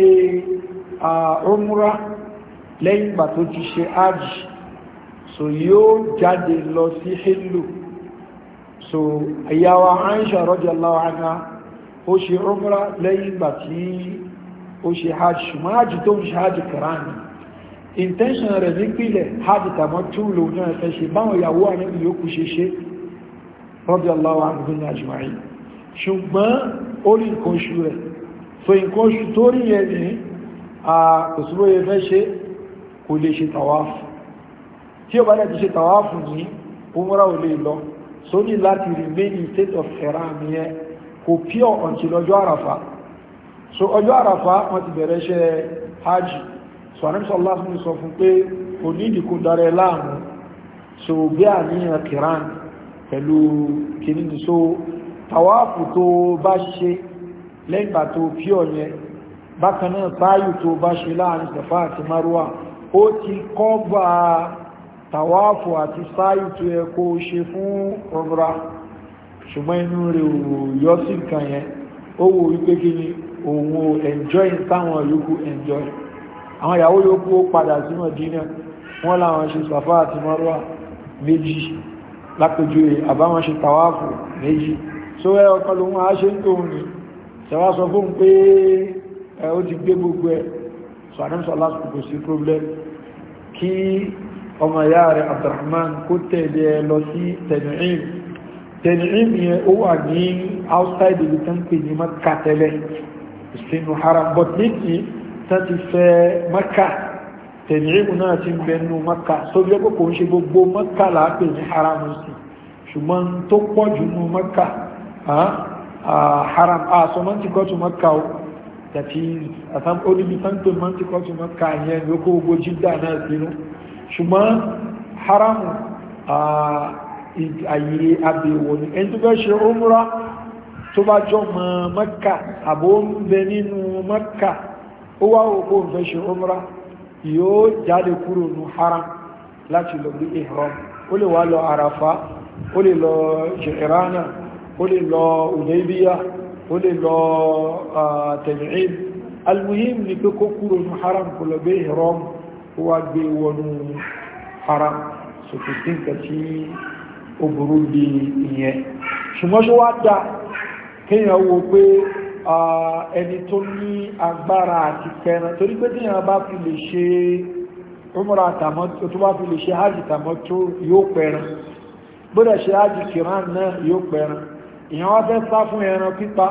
S1: umra lẹ́yìn ìgbà tó ti ṣe hajj so yóò jáde lọ sí hìlù so ìyàwó Aisha radiyallahu anha ó ṣe umra lẹ́yìn ìgbà tí ó ṣe hajj ṣùgbọ́n hajj tó ń ṣe hajj kìránì intention rẹ̀ ní pílẹ̀ hajjita mọ́ tún lòun náà fẹ́ ṣe báwọn ìyàwó àníbi yóò ṣe ṣe rọ́bí aláwọ̀ àgbẹ̀ni àjùmáyì ṣùgbọ́n ó rí nǹkan oṣù rẹ̀ so nǹkan oṣù tó rí yẹn ní àkòsíwòye fẹ́ ṣe kò lè ṣe tàwáfù tí ó bá dẹ̀ ti ṣe tàwáfù ní umra ò lè lọ so ní láti remain state of ihram yẹn kò pure until ọjọ́ àràfà so ọjọ́ àràfà wọ́n ti bẹ̀rẹ̀ ṣe hajj so anamisa ọlásùn sọ fún pé kò ní ìdíkò dára ẹ so bí àníyàn akiran pẹ̀lú kìnnìún so tàwáàfù tó bá ṣe lẹ́yìn bá tó pí ọ̀yẹn bákan náà sáàyù tó bá ṣe láàrin sẹ̀fà àti márùwà ó ti kọ́gbà tàwáàfù àti sáàyù tó yẹ kó ṣe fún ọmọra ṣùgbọ́n inú rẹ̀ yọ sí nǹkan yẹn ó wò wípé kí ni òun enjoy táwọn yòókù enjoy àwọn ìyàwó yòókù padà sí Mọ̀dínà wọ́n láwọn ṣe sàfá àti mọ́rọ́wà méjì lápẹjú rẹ̀ àbáwọn ṣe tàwáàfù méjì so ẹ ọkọ̀ lòun a ṣe ń tóun ní ṣẹwà sọ fún pé ẹ ó ti gbé gbogbo ẹ so àdámsọ lásìkò outside ibi tán pè ní Mẹ́kà tàti fẹ́ maka tẹ̀lẹ́mù náà ti ń bẹnu maka sóbi ẹgbẹ́ kò ń ṣe gbogbo maka láàpẹ̀ ní haram sí ṣùgbọ́n tó pọ̀ jù nú maka haram àṣọ mọ́ ti kọ́ tu maka o tàti àtàm oníbi sáńtò mọ́ ti kọ́ tu maka yẹn ní ó kó gbogbo jídà náà sínú ṣùgbọ́n haram àyè abèwò ni ẹni tó fẹ́ ṣe umra tó bá jọ mọ́ maka àbó ń bẹ nínú maka ó wá òkú òǹfẹ́ ṣe umra yóò jáde kúrò ní haram láti lọ bí ihram ó lè wá lọ àràfá ó lè lọ jẹ̀ránà ó lè lọ Hudaybiya ó lè lọ Tan'im almuhim ni pé kó kúrò ní haram kò lọ bí ihram ó wá gbé wọnú haram sòkòtí ẹni tó ní agbára àti fẹ́ràn torí pé tí ìyàn bá fi lè ṣe umra àtàmọ́tò tó bá fi lè ṣe hajj tàmọ́tò yóò pẹ̀ràn bódà ṣe hajj kìrán náà yóò pẹ̀ràn ìyàn wá fẹ́ sá fún ẹran pípa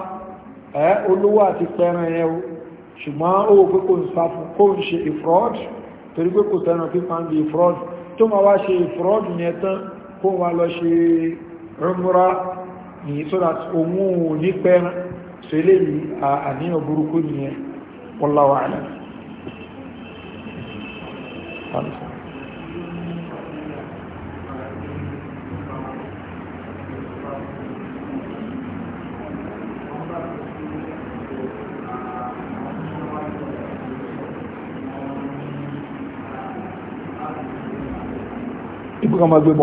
S1: ẹ olówó àti pẹ̀ràn yẹn o ṣùgbọ́n ó wò pé kò ń sá fún kò ń ṣe ìfrọ́d torí pé kò tẹ̀ràn pípa ń di ìfrọ́d tó máa wá ṣe ìfrọ́d yẹn tán kó wá lọ ṣe umra ní sódà òun ò ní pẹ̀ràn so eléyìí àníyàn burúkú nìyẹn wallahu a'lam Ibu kan ma gbé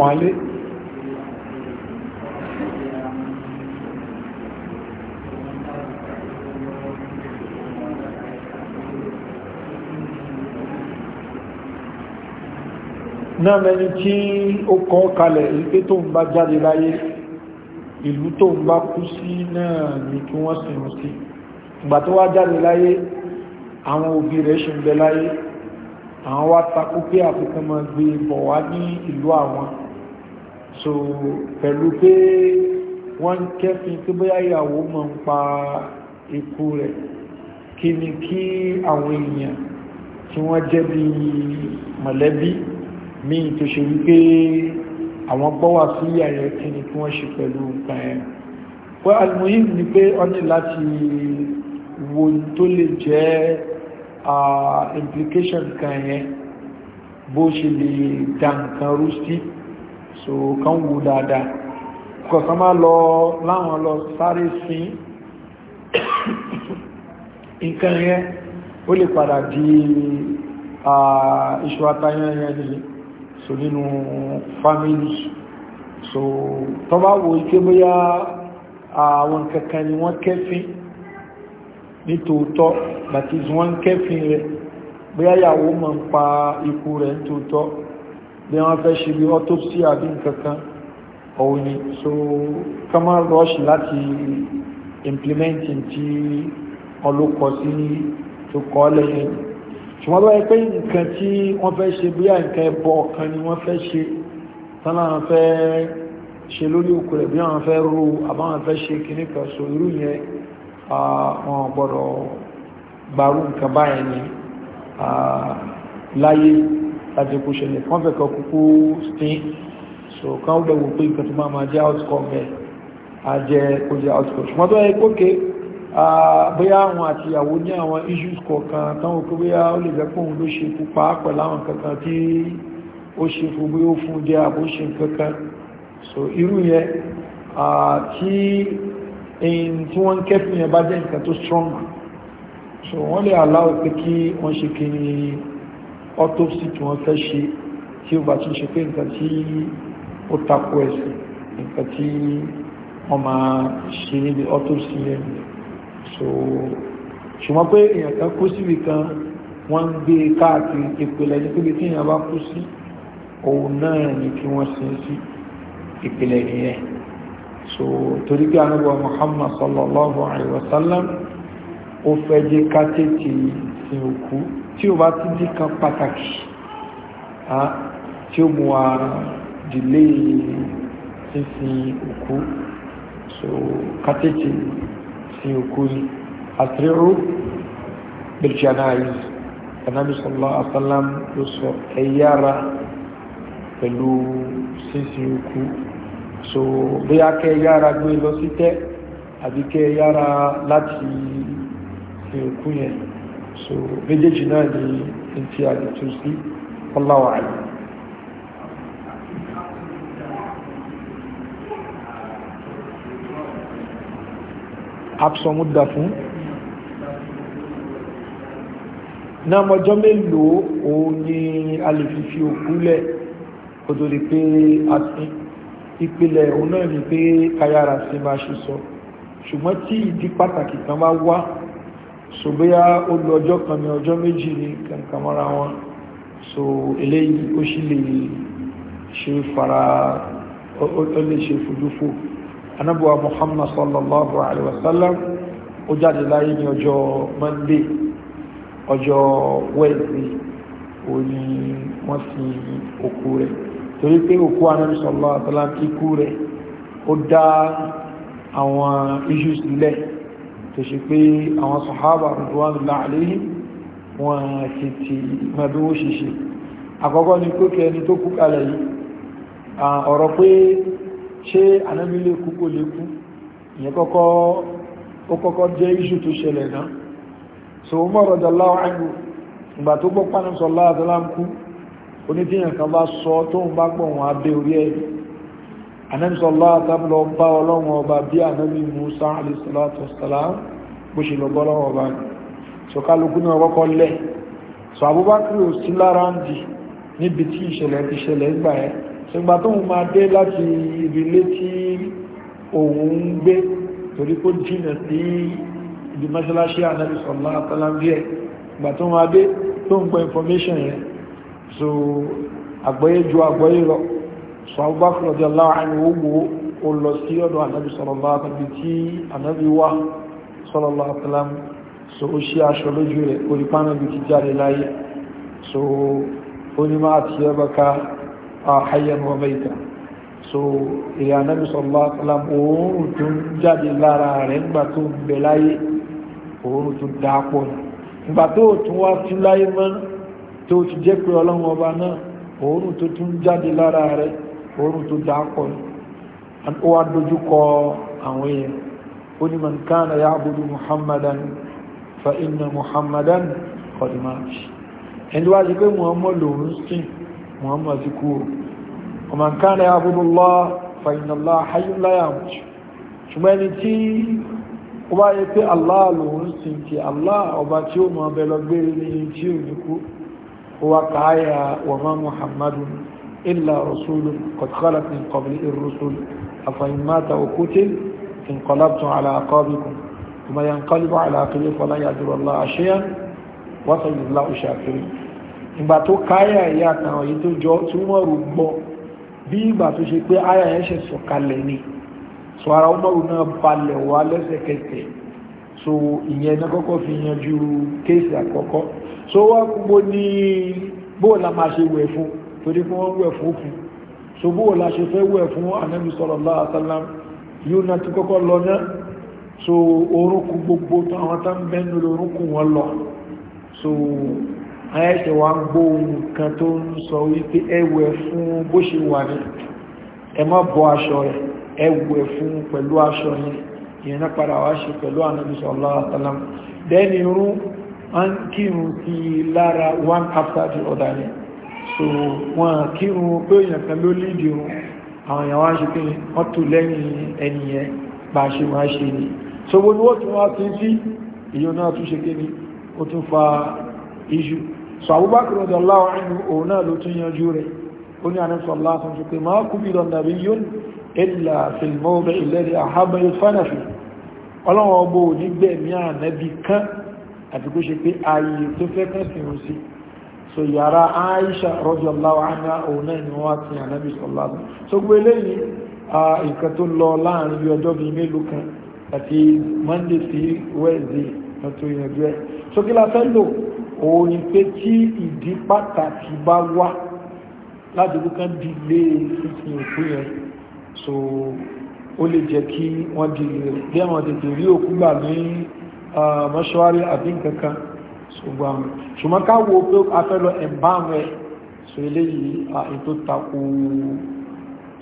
S1: náà mẹni tí ó kọ́ kalẹ̀ ìpé tó ń bá jáde láyé ìlú tó ń bá kú sí náà ní kí wọ́n sin òun sí ìgbà tó wá jáde láyé àwọn òbí rẹ̀ ṣe ń bẹ láyé àwọn wá takú pé àfikún máa gbé bọ̀ wá ní ìlú àwọn so pẹ̀lú pé wọ́n kẹ́fin tó bóyá ìyàwó máa ń pa ikú rẹ̀ kí ni kí àwọn èèyàn tí wọ́n jẹ́ bí mọ̀lẹ́bí mi tó ṣe wípé àwọn gbọ́wà sí ààrẹ kí ni kí wọ́n ṣe pẹ̀lú nǹkan ẹ̀ pé almuhim ni pé ọ ní láti wo tó lè jẹ́ implication kan yẹn bó ṣe lè dá nǹkan rú sí so kan wo dáadáa kọ̀kan máa lọ láwọn lọ sáré sí nǹkan yẹn ó lè padà di iṣu atayan yẹn nìyí so nínú families, so tó bá wo ike bóyá àwọn kankan ni wọ́n kẹ́fín nítòótọ́ bàtí wọ́n kẹ́fín rẹ̀ bóyá yàwó mọ̀ ń pa ikú rẹ̀ nítòótọ́ bí wọ́n fẹ́ ṣe bí autopsy àbí nkankan òun ni so kama rush láti implementing tí ọlọ́kọ̀ sí tó kọ́ lẹ́yìn ṣùgbọ́n lọ́wọ́ pé nǹkan tí wọ́n fẹ́ ṣe bí i nǹkan ẹbọ ọ̀kan ni wọ́n fẹ́ ṣe tánà àwọn fẹ́ ṣe lórí òkú rẹ̀ bí àwọn fẹ́ ro àbáwọn fẹ́ ṣe kìíní kan so irú yẹn wọn gbọ́dọ̀ gbarú nǹkan báyẹn ni láyé láti kó ṣẹlẹ̀ wọ́n fẹ́ kan kúkú stain so káwọn dẹ̀ wò pé nǹkan tó máa máa jẹ́ outcome bẹ́ẹ̀ á jẹ́ kó jẹ́ outcome ṣùgbọ́n tó yẹ kókè bóyá àwọn àtìyàwó ní àwọn issues kọ̀ọ̀kan táwọn kó bóyá ó lè jẹ́ pé òun ló ṣe pupa pẹ̀lú àwọn kankan tí ó ṣe fún bí ó fún jẹ́ àbó kankan so irú yẹn tí èyí tí wọ́n kẹ́fìn yẹn bá jẹ́ nǹkan tó strong so wọ́n lè aláwọ̀ pé kí wọ́n ṣe kí ni autopsy tí wọ́n fẹ́ ṣe tí ó bá tún ṣe pé nǹkan tí ó tako ẹ̀sìn nǹkan tí wọ́n máa ṣe níbi autopsy yẹn so ṣùgbọ́n pé èèyàn kan kú síbi kan wọ́n ń gbé káàkiri ìpìlẹ̀ ní pípẹ́ tí èèyàn bá kú sí òun náà ni kí wọ́n sin sí ìpìlẹ̀ nìyẹn so torí pé anábọ̀ Muhammad sallallahu alayhi wa sallam ó fẹ́ jẹ́ ká tètè sin òkú tí ó bá ti di kan pàtàkì tí ó mú wa dìlé sísin òkú so ká sí òkú ni àtìrírú biljanaiz anabi sallallahu alaihi wasallam ló sọ ẹ yára pẹ̀lú sínsìn òkú so bóyá kẹ yára gbé lọ sí tẹ́ àbí kẹ yára láti sin òkú yẹn so méjèèjì náà ni ntí a lè sí ọláwàá yìí. absọmúdà fún náà mọjọ́ mélòó òun ni a lè fi fi òkú lẹ̀ kó tó di pé a sin ìpìlẹ̀ òun náà ni pé káyára sí máa ṣe sọ ṣùgbọ́n tí ìdí pàtàkì kan bá wá ṣùgbọ́yá ó lọ ọjọ́ kan ní ọjọ́ méjì ní kankan mọ́ra wọn so eléyìí ó sì lè ṣe fara ó lè ṣe fojúfò anábùwà muhammad sallallahu alaihi wasallam ó jáde láyé ní ọjọ́ monday ọjọ́ wednesday ó ní wọ́n sin òkú rẹ̀ torí pé òkú anábì sallallahu alaihi wasallam kíkú rẹ̀ ó dá àwọn iṣu sílẹ̀ tó ṣe pé àwọn sahaba radwanullahi alaihim wọn ti ti mẹ́bí ó ṣiṣẹ́ àkọ́kọ́ ni pé kẹ́ni tó kú kalẹ̀ yìí ọ̀rọ̀ pé ṣé ànábì lè kú kó lè kú ìyẹn kọ́kọ́ ó kọ́kọ́ jẹ́ iṣu tó ṣẹlẹ̀ náà so Umar radallahu anhu ìgbà tó gbọ́ pánú sọlá àtàlá ń kú onídìyàn kan bá sọ tóun bá pọ̀ wọn abẹ́ orí ẹ̀ ànábì sọlá àtàlá lọ bá ọlọ́run ọba bí ànábì ni so kálukú náà kọ́kọ́ ṣùgbà tó ń máa dé láti ìrìlé tí òun ń gbé torí kó jìnà sí ibi mọ́ṣálásí ànábì sọ̀lá àtàlábí ẹ̀ ìgbà tó máa dé tó ń gbọ́ information yẹn so àgbọ́yé ju àgbọ́yé lọ so Abubakar radiyallahu anhu owó o lọ sí ọ̀dọ̀ ànábì so ó ṣe so ó ní hayyan wa maita so ìyá anábì sallallahu alaihi wasallam òórùn tún jáde lára rẹ̀ nígbà tó ń bẹ láyé òórùn tún dápọ̀ ní ìgbà tó tún wá sí láyé mọ́ tó ti jẹ́ pé ọlọ́run ọba náà òórùn tó tún jáde lára rẹ̀ òórùn tó dápọ̀ ní ó wá dojú kọ àwọn èèyàn ó ní man kana ya'budu muhammadan fa inna muhammadan qad ẹni wá sí pé muhammad lòun sìn muhammad kúrò ọmọ nǹkan rẹ̀ abúlọ́lá fàyínàlá hayúláyàmùt ṣùgbọ́n ẹni tí ó bá yẹ pé allah lòun sìn tí allah ọba tí ó mọ ọbẹ̀ lọ gbére ní tí ò ní kú ó wá káyà wàmá muhammadu illa rasulu kọtkọlá ní kọbílì irusulu afahimata okute inqalabtum ala aqabikum ثم ينقلب على عقله فلا يضر الله شيئا وسيجزى الله شاكرين ìgbà tó káyà ẹ̀yà àtàwọn èyí tó jọ tí wọ́n rò gbọ́ bí ìgbà tó ṣe pé àyà ẹ̀ ṣe sọ̀kalẹ̀ ni so ara ọmọrù náà balẹ̀ wá lẹ́sẹ̀kẹsẹ̀ so ìyẹn náà kọ́kọ́ fi yanjú kéèsì àkọ́kọ́ so wá gbogbo ní bóò la máa ṣe wẹ̀ fún torí fún wọn wẹ̀ fún òkú so bóò la ṣe fẹ́ wẹ̀ fún anábì sallallahu alaihi wasallam yóò náà ti kọ́kọ́ lọ náà so orúnkún gbogbo àwọn tá ń bẹ́ẹ̀ nílò wọn lọ so ayẹ́ṣẹ̀ wa ń gbó nǹkan tó ń sọ wípé ẹwẹ̀ fún bó ṣe wà ní ẹ má bọ́ aṣọ rẹ̀ ẹwẹ̀ fún pẹ̀lú aṣọ yẹn ìyẹn padà wá ṣe pẹ̀lú Ànábì sallallahu alaihi ti lára one after the other so wọn kírun pé èèyàn kan ló lídìí irun àwọn èèyàn wá ni so gbogbo wọ́n tún wá ti sí èèyàn náà ṣe kéde ó tún fa iṣu so abubakar rọ̀dọ̀ láwọn àìyàn òun náà ló tún yanjú rẹ̀ ó ní àníṣọ́ aláàfin sọ pé máa kú bílọ̀ nàbí yóò ilà fìlmọ́ọ̀bẹ̀ ilẹ̀rẹ̀ àhábẹ̀yẹ fánàfì ọlọ́wọ́ ọgbọ̀ onígbẹ̀mí ànẹ́bí kan àti kó ṣe pé ààyè tó fẹ́ kan sì ń sí so yàrá aisha rọ́dọ̀ láwọn àìyàn òun náà ni wọ́n sókílá fẹ́ lò òun ni pé tí ìdí pàtàkì bá wá láti kúkan dìlé sísìn òkú yẹn so ó lè jẹ́ kí wọ́n dìlé bí àwọn tètè rí òkú gbà ní mọ́ṣúárì àbí nǹkankan ṣùgbọ́n ká wo pé a fẹ́ lọ ẹ̀bá rẹ̀ so eléyìí ètò tako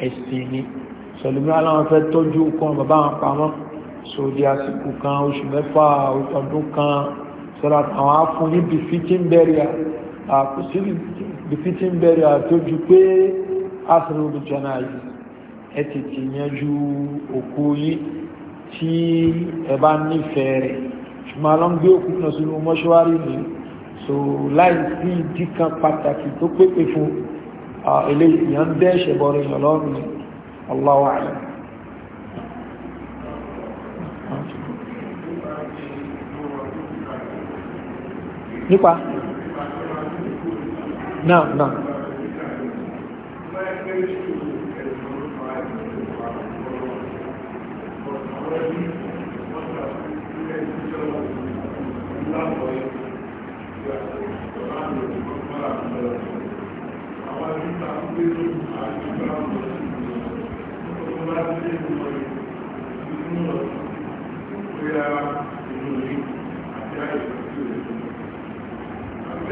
S1: ẹ̀sìn ni sọlùmí aláwọn fẹ́ tọ́jú kan bàbá wọn pamọ́ so di àsìkò kan oṣù mẹ́fà ọdún kan so that àwọn á fún ní a burial kò sí a burial tó ju pé asọ̀rọ̀ olùjọ́nà yìí ẹ tètè ju òkú yín tí ẹ bá nífẹ̀ẹ́ rẹ̀ ṣùgbọ́n a lọ ń gbé òkú náà sínú mọ́ṣúárì ni so láì sí ìdí kan pàtàkì tó pépè fún eléyìí yàn dẹ́ ẹ̀ṣẹ̀ bọ̀rọ̀ lọ́rùn ni Allahu nípa náà náà
S2: Thank you.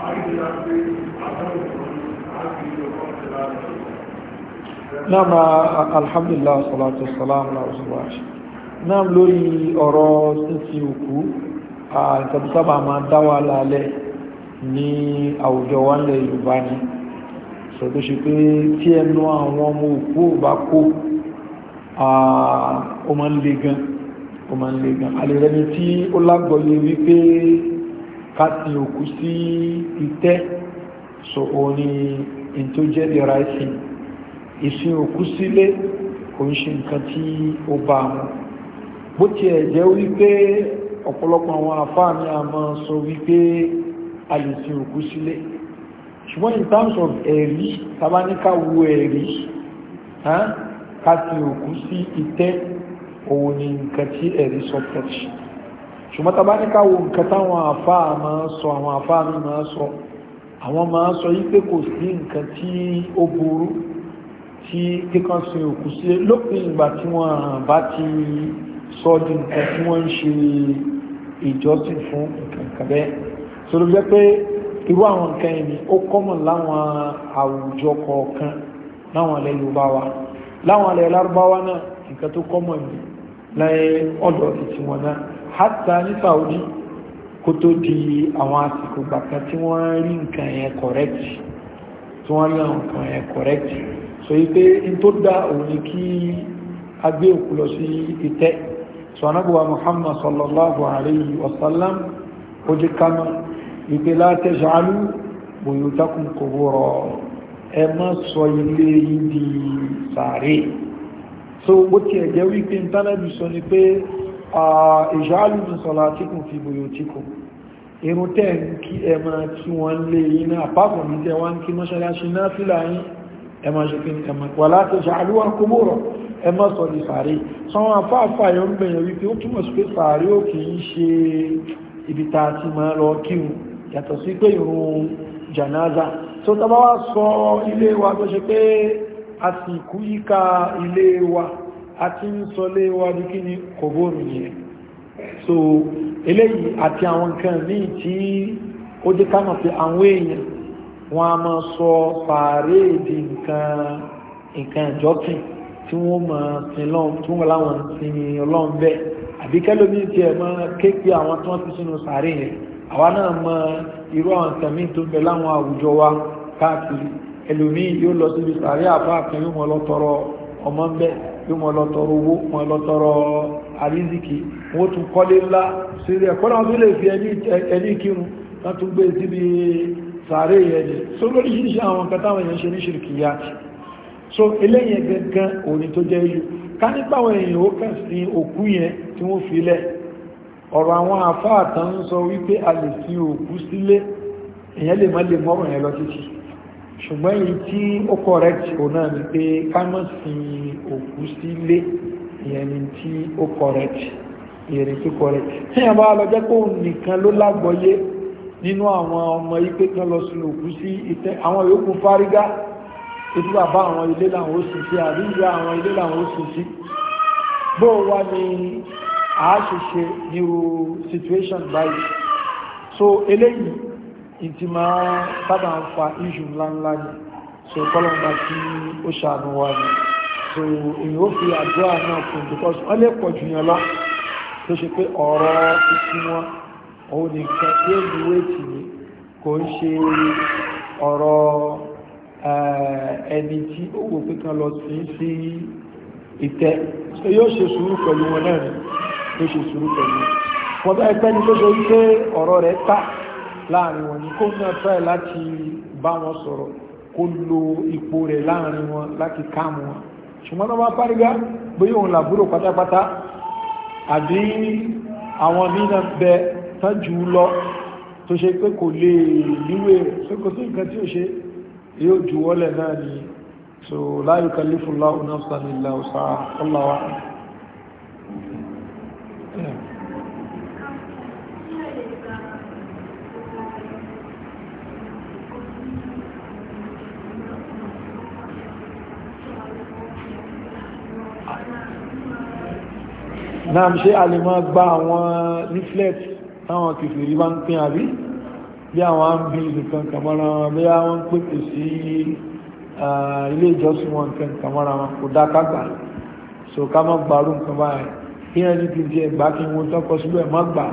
S2: náà
S1: alhamdulillah salatu salam lọ́wọ́ náà lórí ọ̀rọ̀ sínsí òkú àìsàbùsábà máa dáwà lálẹ́ ní àwùjọ wa ń lẹ̀ Yorùbá ni sọ̀tọ́ ṣe pé tí ẹnu àwọn ọmọ òkú bá kó ó máa ń tí ó lágbọ̀lẹ̀ wípé Kati òkú sí ìtẹ́ so oni ni in tó jẹ́ the right thing ìsìn òkú sílé kò ń ṣe nǹkan tí ó bá mu bó tiẹ̀ jẹ́ wípé ọ̀pọ̀lọpọ̀ àwọn àfáà ni a máa sọ a lè sin òkú sílé ṣùgbọ́n in terms of ẹ̀rí tabaníkà wu ẹ̀rí ká sin òkú sí ìtẹ́ òun ni nǹkan tí ẹ̀rí sọ pẹ̀lú ṣùgbọ́n tá a bá ní ká wo nǹkan táwọn àfáà máa sọ àwọn àfáà mi máa sọ àwọn máa sọ yí pé kò sí nǹkan tí ó burú tí kíkan sin òkú sí lópin ìgbà tí wọ́n bá ti sọ di nǹkan tí wọ́n ń ṣe ìjọsìn fún nǹkan kan bẹ́ẹ̀ sọ̀rọ̀ jẹ́ pé irú àwọn nǹkan yìí ni ó kọ́mọ̀ láwọn àwùjọ kọ̀ọ̀kan láwọn ilẹ̀ Yorùbá wa láwọn ilẹ̀ Lárúbáwá náà nǹkan tó kọ́mọ̀ ní láyé ọ̀dọ̀ ìtìwọ̀n náà hátà ní Saudi kó tó di àwọn àsìkò gbàgbà tí wọ́n rí nǹkan yẹn correct tí wọ́n rí nǹkan yẹn correct so yí pé n tó dá òun kí a gbé òkú lọ sí ìtẹ́ so anábùwà Muhammad sallallahu alayhi wa sallam ó jẹ́ kánú ìpè látẹ̀ṣẹ́ alú bòyótákùn kò wọ́rọ̀ ẹ má sọ ilé yìí di sàárè so bó tiẹ̀ jẹ́ wípé ntánàbì sọ ni pé ìṣàlù ní sọ̀lá tí kùn fi bòyò tí kùn irun tẹ́ ń kí ẹ máa kí wọ́n lè yí náà pápọ̀ ní tẹ́ wọ́n kí mọ́ṣálásí náà fílà yín ẹ máa ṣe kí ẹ máa wà láti ṣàlù wọn kó mọ́rọ̀ ẹ máa sọ di sàárè sọ́wọ́n afáàfà yọ gbẹ̀yàn wa tó ṣe pé wa àti ń sọ lé wa kí ni kò bóòrùn yẹn so eléyìí àti àwọn nǹkan míì tí ó jẹ́ ká mọ̀ pé àwọn èèyàn wọn a máa sọ pàréèdì nǹkan nǹkan ìjọsìn tí wọ́n máa sin lọ́hùn tí wọ́n láwọn sin ọlọ́hùn bẹ́ẹ̀ àbí kẹ́lómi tiẹ̀ máa kéèké àwọn tí wọ́n ti sínú sàárè yẹn àwa náà mọ irú àwọn nǹkan míì tó ń bẹ láwọn àwùjọ wa káàkiri ẹlòmíì yóò lọ síbi sàárè àbá àkànyìn wọn lọ tọrọ ọmọ ń bẹ bí wọ́n lọ tọrọ owó wọ́n lọ tọrọ àríziki wọ́n tún kọ́lé ńlá sírí ẹ̀kọ́ náà tó lè fi ẹni kírun wọ́n tún gbé síbi sàárè ẹni so lórí yìí ṣe àwọn nǹkan táwọn èèyàn ṣe ní ṣìrìkìyà so eléyìn gangan òní tó jẹ́ yìí ká nípa àwọn èèyàn ó kàn òkú yẹn tí wọ́n fi lẹ̀ ọ̀rọ̀ àwọn àfáàtàn ń sọ wípé a lè fi òkú sílé èèyàn lè má lè mọ́rùn yẹn lọ títí ṣùgbọ́n èyí tí ó correct òun náà ni pé ká má sin òkú sílé ìyẹn ni tí ó correct ìyẹn ni tí ó correct tí àwọn alọ́jẹ́ pé òun nìkan ló lágbọ́yé nínú àwọn ọmọ ipe kan lọ sí òkú sí ìtẹ́ àwọn yòókù fárígá ètò bàbá àwọn ilé làwọn ó sùn sí àríyá àwọn ilé làwọn ó sùn sí bó wá ní àáṣìṣe ní situation báyìí so eléyìí ìtì máa sábà ń fa iṣu ńláńlá ni so kọ́lọ̀mbà tí ó ṣàánú wa ni so èyí ó fi àdúrà náà fún because wọ́n lè pọ̀ jù yàn lọ tó ṣe pé ọ̀rọ̀ títí wọn òun nìkan tí ó ní wéètì ni kò ń ṣe ọ̀rọ̀ eh, ẹni tí ó wò pé kan lọ sí sí ìtẹ́ so yóò ṣe sùúrù pẹ̀lú wọn náà ni yóò ṣe sùúrù pẹ̀lú wọn bẹ́ẹ̀ pẹ́ni tó ṣe wípé ọ̀rọ̀ rẹ̀ ta láàrin wọn ni kó náà tọ́ láti bá wọn sọ̀rọ̀ kó lo ipò rẹ̀ láàrin wọn láti káàmù wọn ṣùgbọ́n náà bá fárígá bóyá òun làbúrò pátápátá àbí àwọn mìíràn bẹ tán jù ú lọ tó ṣe pé kò lè níwé rẹ̀ kò sí nǹkan tí ó ṣe yóò jù wọ́lẹ̀ náà ni so la yukallifu Allahu nafsan illa wus'aha Allahu a'lam náà ṣe a lè máa gba àwọn leaflet táwọn kìfìrí bá ń pín àbí bí àwọn àmì nìkan kàmọ́ra wọn bí àwọn ń pèpè sí ilé ìjọsìn wọn nǹkan kàmọ́ra wọn kò dá kágbà so ká má gbàrú nǹkan báyìí kí ẹni ti di ẹgbà kí wọn tọkọ síbẹ̀ má gbà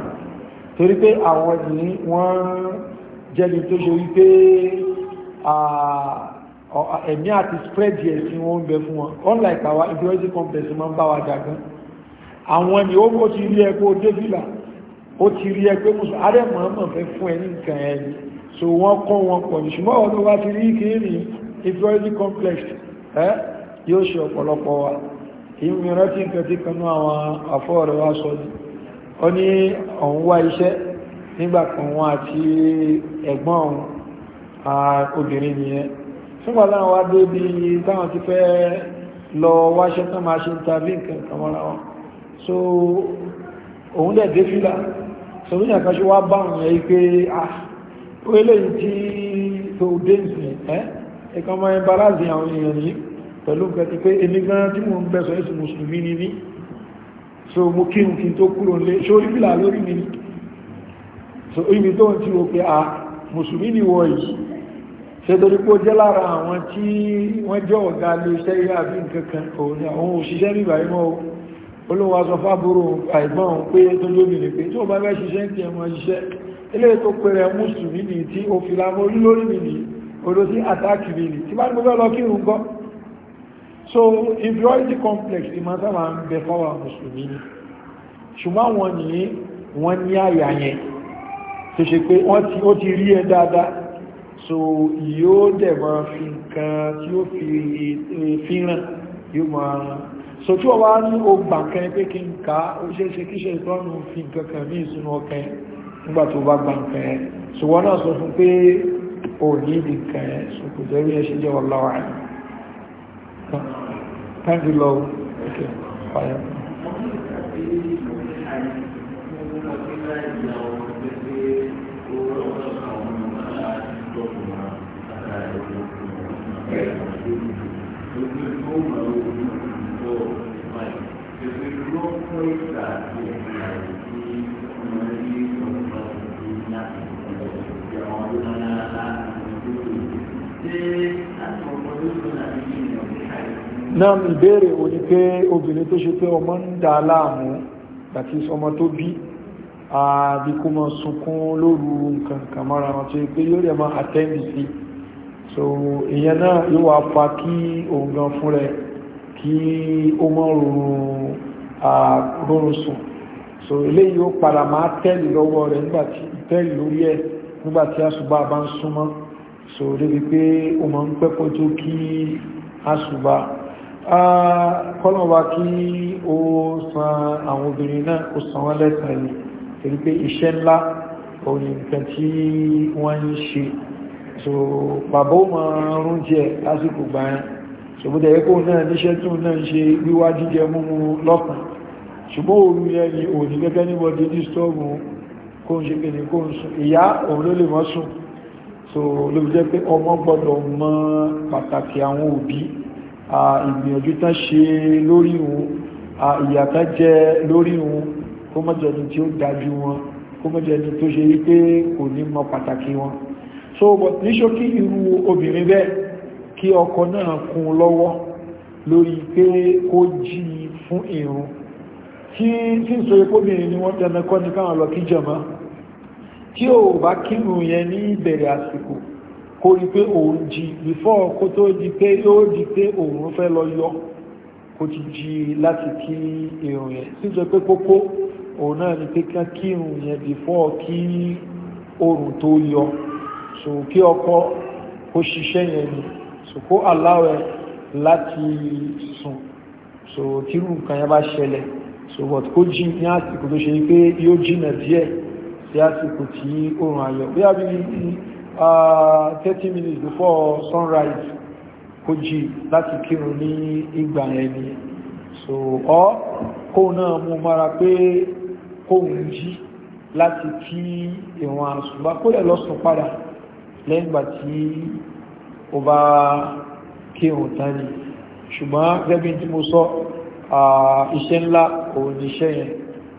S1: torí pé àwọn ní wọ́n jẹ́ni tó ṣe wípé ẹ̀mí àti spread yẹ̀ sí wọn ń bẹ fún wọn unlike àwa inferiority complex máa ń bá wa jà gan-an àwọn ni ó ti rí ẹ kó dé fìlà ó ti rí ẹ pé mùsùlùmí ààrẹ mọ̀ọ́mọ̀ fẹ́ fún ẹ ní nǹkan ẹni so wọ́n kọ́ wọn pọ̀ ní ṣùgbọ́n ọ̀dọ́ wa ti rí kìíní inferiority complex ẹ́ yóò ṣe ọ̀pọ̀lọpọ̀ wa ìmìíràn tí nǹkan tí kanú àwọn afọ́ọ̀rẹ́ wa sọ ní ó ní òun lọ wáṣẹ́ tán máa ṣe ń ta nǹkan kan mọ́ra wọn so òun dẹ̀ dé fílà sọ̀rọ̀yìn àkàṣe wá bá òun yẹ pé ah ó eléyìí tí tó dé ìsìn ẹ́ ẹ̀kan máa ń baláàzì àwọn èèyàn yìí pẹ̀lú pẹ̀lú pé èmi gan tí mo ń bẹ̀sọ̀ èsì mùsùlùmí ni ní so mo kí n kí n tó kúrò lé ṣó rí fílà lórí mi so ibi tó ń ti wo pé ah mùsùlùmí ni wọ yìí ṣe torí pé ó jẹ́ lára àwọn tí wọ́n jẹ́ ọ̀gá ilé iṣẹ́ yìí àbí nǹkan kan òun òṣìṣẹ́ nígbà yìí mọ́ olówó aṣọ fábúrò àìgbọ́n pé tó lóbìnrin pé tí ó bá bẹ́ ṣiṣẹ́ tí ẹmọ ṣiṣẹ́ ilé tó pèrè mùsùlùmí ní tí ó fi lámọ́ olórí mi ní odò sí àtàkì mi ní tí bá gbogbo lọ kí rùn so inferiority complex ìmọ̀sáwà ń bẹ fọ́wà mùsùlùmí ní ṣùgbọ́n wọn ní wọ́n ní àyà yẹn tó ṣe pé ó ti rí ẹ dáadáa so yóò dẹ̀ máa fi nǹkan tí ó fi eh, ràn yóò máa sòtú ọwá ní o gbà kẹ́ pé kí n ká ó ṣe é ṣe kíṣe ìtọ́nù fi nǹkan kan ní ìsinú ọkẹ́ nígbà tó bá gbà nǹkan ṣùgbọ́n náà sọ fún pé ò ní ìdí nǹkan ẹ̀ ṣùkú jẹ́rí ẹ̀ ṣe jẹ́ ọláwà ẹ̀ thank you lord
S2: lọ́pọ̀ ìgbà tí ẹ̀ka ìdí ọmọ ní ọ̀pọ̀ ìdí láti ọ̀pọ̀ àwọn ọdún náírà láti ọdún ṣé láti ọ̀pọ̀ lóṣù láti ní ọ̀pọ̀
S1: náà o ní pé obìnrin tó ṣe pé ọmọ ń dà láàmú àti ọmọ tó bí àbí kó sunkún lóru nǹkan kan mọ́ra wọn tó pé yóò rẹ̀ máa àtẹ́ǹdì sí so ìyẹn náà yóò wá fa kí òun gan fún rẹ̀ kí ó mọ́ rọrùn àrórosùn so eléyìí ó padà máa tẹ́lì lọ́wọ́ rẹ̀ nígbàtí tẹ́lì lórí ẹ̀ nígbàtí àṣùbà bá ń súnmọ́ so débi pé o máa ń pẹ́kọ́ tó kí àṣùbà kọ́lọ̀wà kí ó san àwọn obìnrin náà ó san wọ́n lẹ́sàn yìí torí pé iṣẹ́ ńlá òní nǹkan tí wọ́n ń ṣe so bàbá ó máa rún jẹ lásìkò gbáyàn ṣòbúdẹ̀ ẹkọ́ náà níṣẹ́ tó náà ṣe wíwá jíjẹ múmú lọ́pàá ṣùgbọ́n òru yẹn ni òní gẹ́gẹ́ níbọ̀dí dìstọ́ọ̀bù kó ń ṣe pèlè kó ń sùn ìyá òun ló lè mọ́ sùn so ló jẹ́ pé ọmọ gbọ́dọ̀ mọ pàtàkì àwọn òbí ìgbìyànjú tán ṣe lórí òun ìyàtá jẹ lórí òun kó mọ́jọ ni tí ó dájú wọn kó mọ́jọ ni tó ṣe wípé kò ní mọ pàtàkì wọn so níṣókí irú obìnrin bẹ́ẹ̀ kí ọkọ náà kún lọ́wọ́ lórí pé kó jí fún ìrun tí tí ń sọ ipóbìnrin ni wọ́n tẹ́nà kọ́ ní káwọn lọ kí jẹma tí ò bá kírun yẹn ní ìbẹ̀rẹ̀ àsìkò kó rí pé òun jí before kó tó di pé yóò di pé òun fẹ́ lọ yọ kó ti jí láti kí ìrun yẹn tí ń sọ pé kókó òun náà ni pé ká kírun yẹn before kí oòrùn tó yọ so kí ọkọ kó ṣiṣẹ́ yẹn ni so kó aláwẹ̀ láti sùn so tírù nǹkan yẹn bá ṣẹlẹ̀ so but kó jí ní àsìkò tó ṣe pé yóò jìnà díẹ̀ sí àsìkò tí oòrùn ayọ̀ bí a uh, bí thirty minutes before sunrise kó jí láti kírun ní ìgbà yẹn ni so ọ kó náà mú mara pé kóhun jí láti kí ìwọ̀n àsùnbá kó lè lọ sùn padà lẹ́yìn ìgbà tí ó bá kírun tán ni ṣùgbọ́n gẹ́bí tí mo sọ iṣẹ́ ńlá òun ni iṣẹ́ yẹn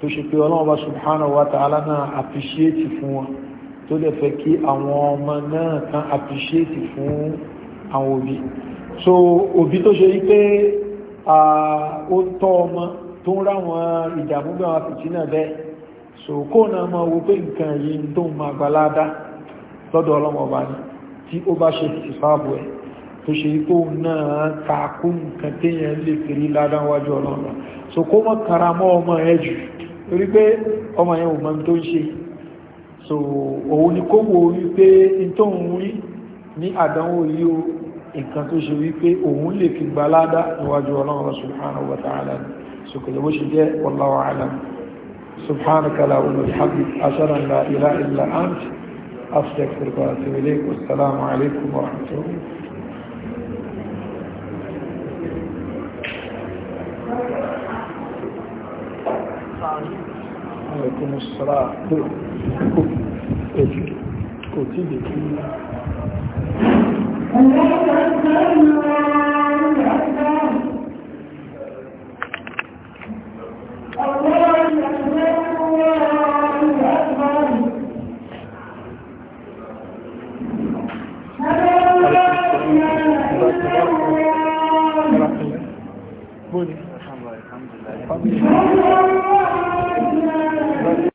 S1: tó ṣe pé ọlọ́run bá subhanahu wa ta'ala náà appreciate fún wọn tó lè fẹ́ kí àwọn ọmọ náà kan appreciate fún àwọn òbí so òbí tó ṣe yí pé ó tọ́ ọmọ tó ń ráwọn ìdààmú bí àwọn fìtínà bẹ́ẹ̀ so kó náà máa wo pé nǹkan yìí tó ń máa gbalada lọ́dọ̀ ọlọ́mọba ni tí ó bá ṣe ìsáàbò ẹ̀ tó ṣe tó náà takú nǹkan téèyàn lè fèrí ládáwájú ọlọ́run so kó mọ́ karamọ́ ọmọ ẹ jù torí pé ọmọ yẹn ò mọ tó ń ṣe so òun ni kó wo wípé tó ń rí ní àdánwò yìí o nǹkan tó ṣe wípé òun lè fi gba ládá níwájú ọlọ́run subhanahu wa ta'ala so kòjọ bó jẹ́ wallahu a'lam subhanaka la ilaha illa anta في وأتوب إليك والسلام عليكم ورحمة الله
S2: عليكم السلام كتير الله أكبر الله Bóyá, alhamdulillah.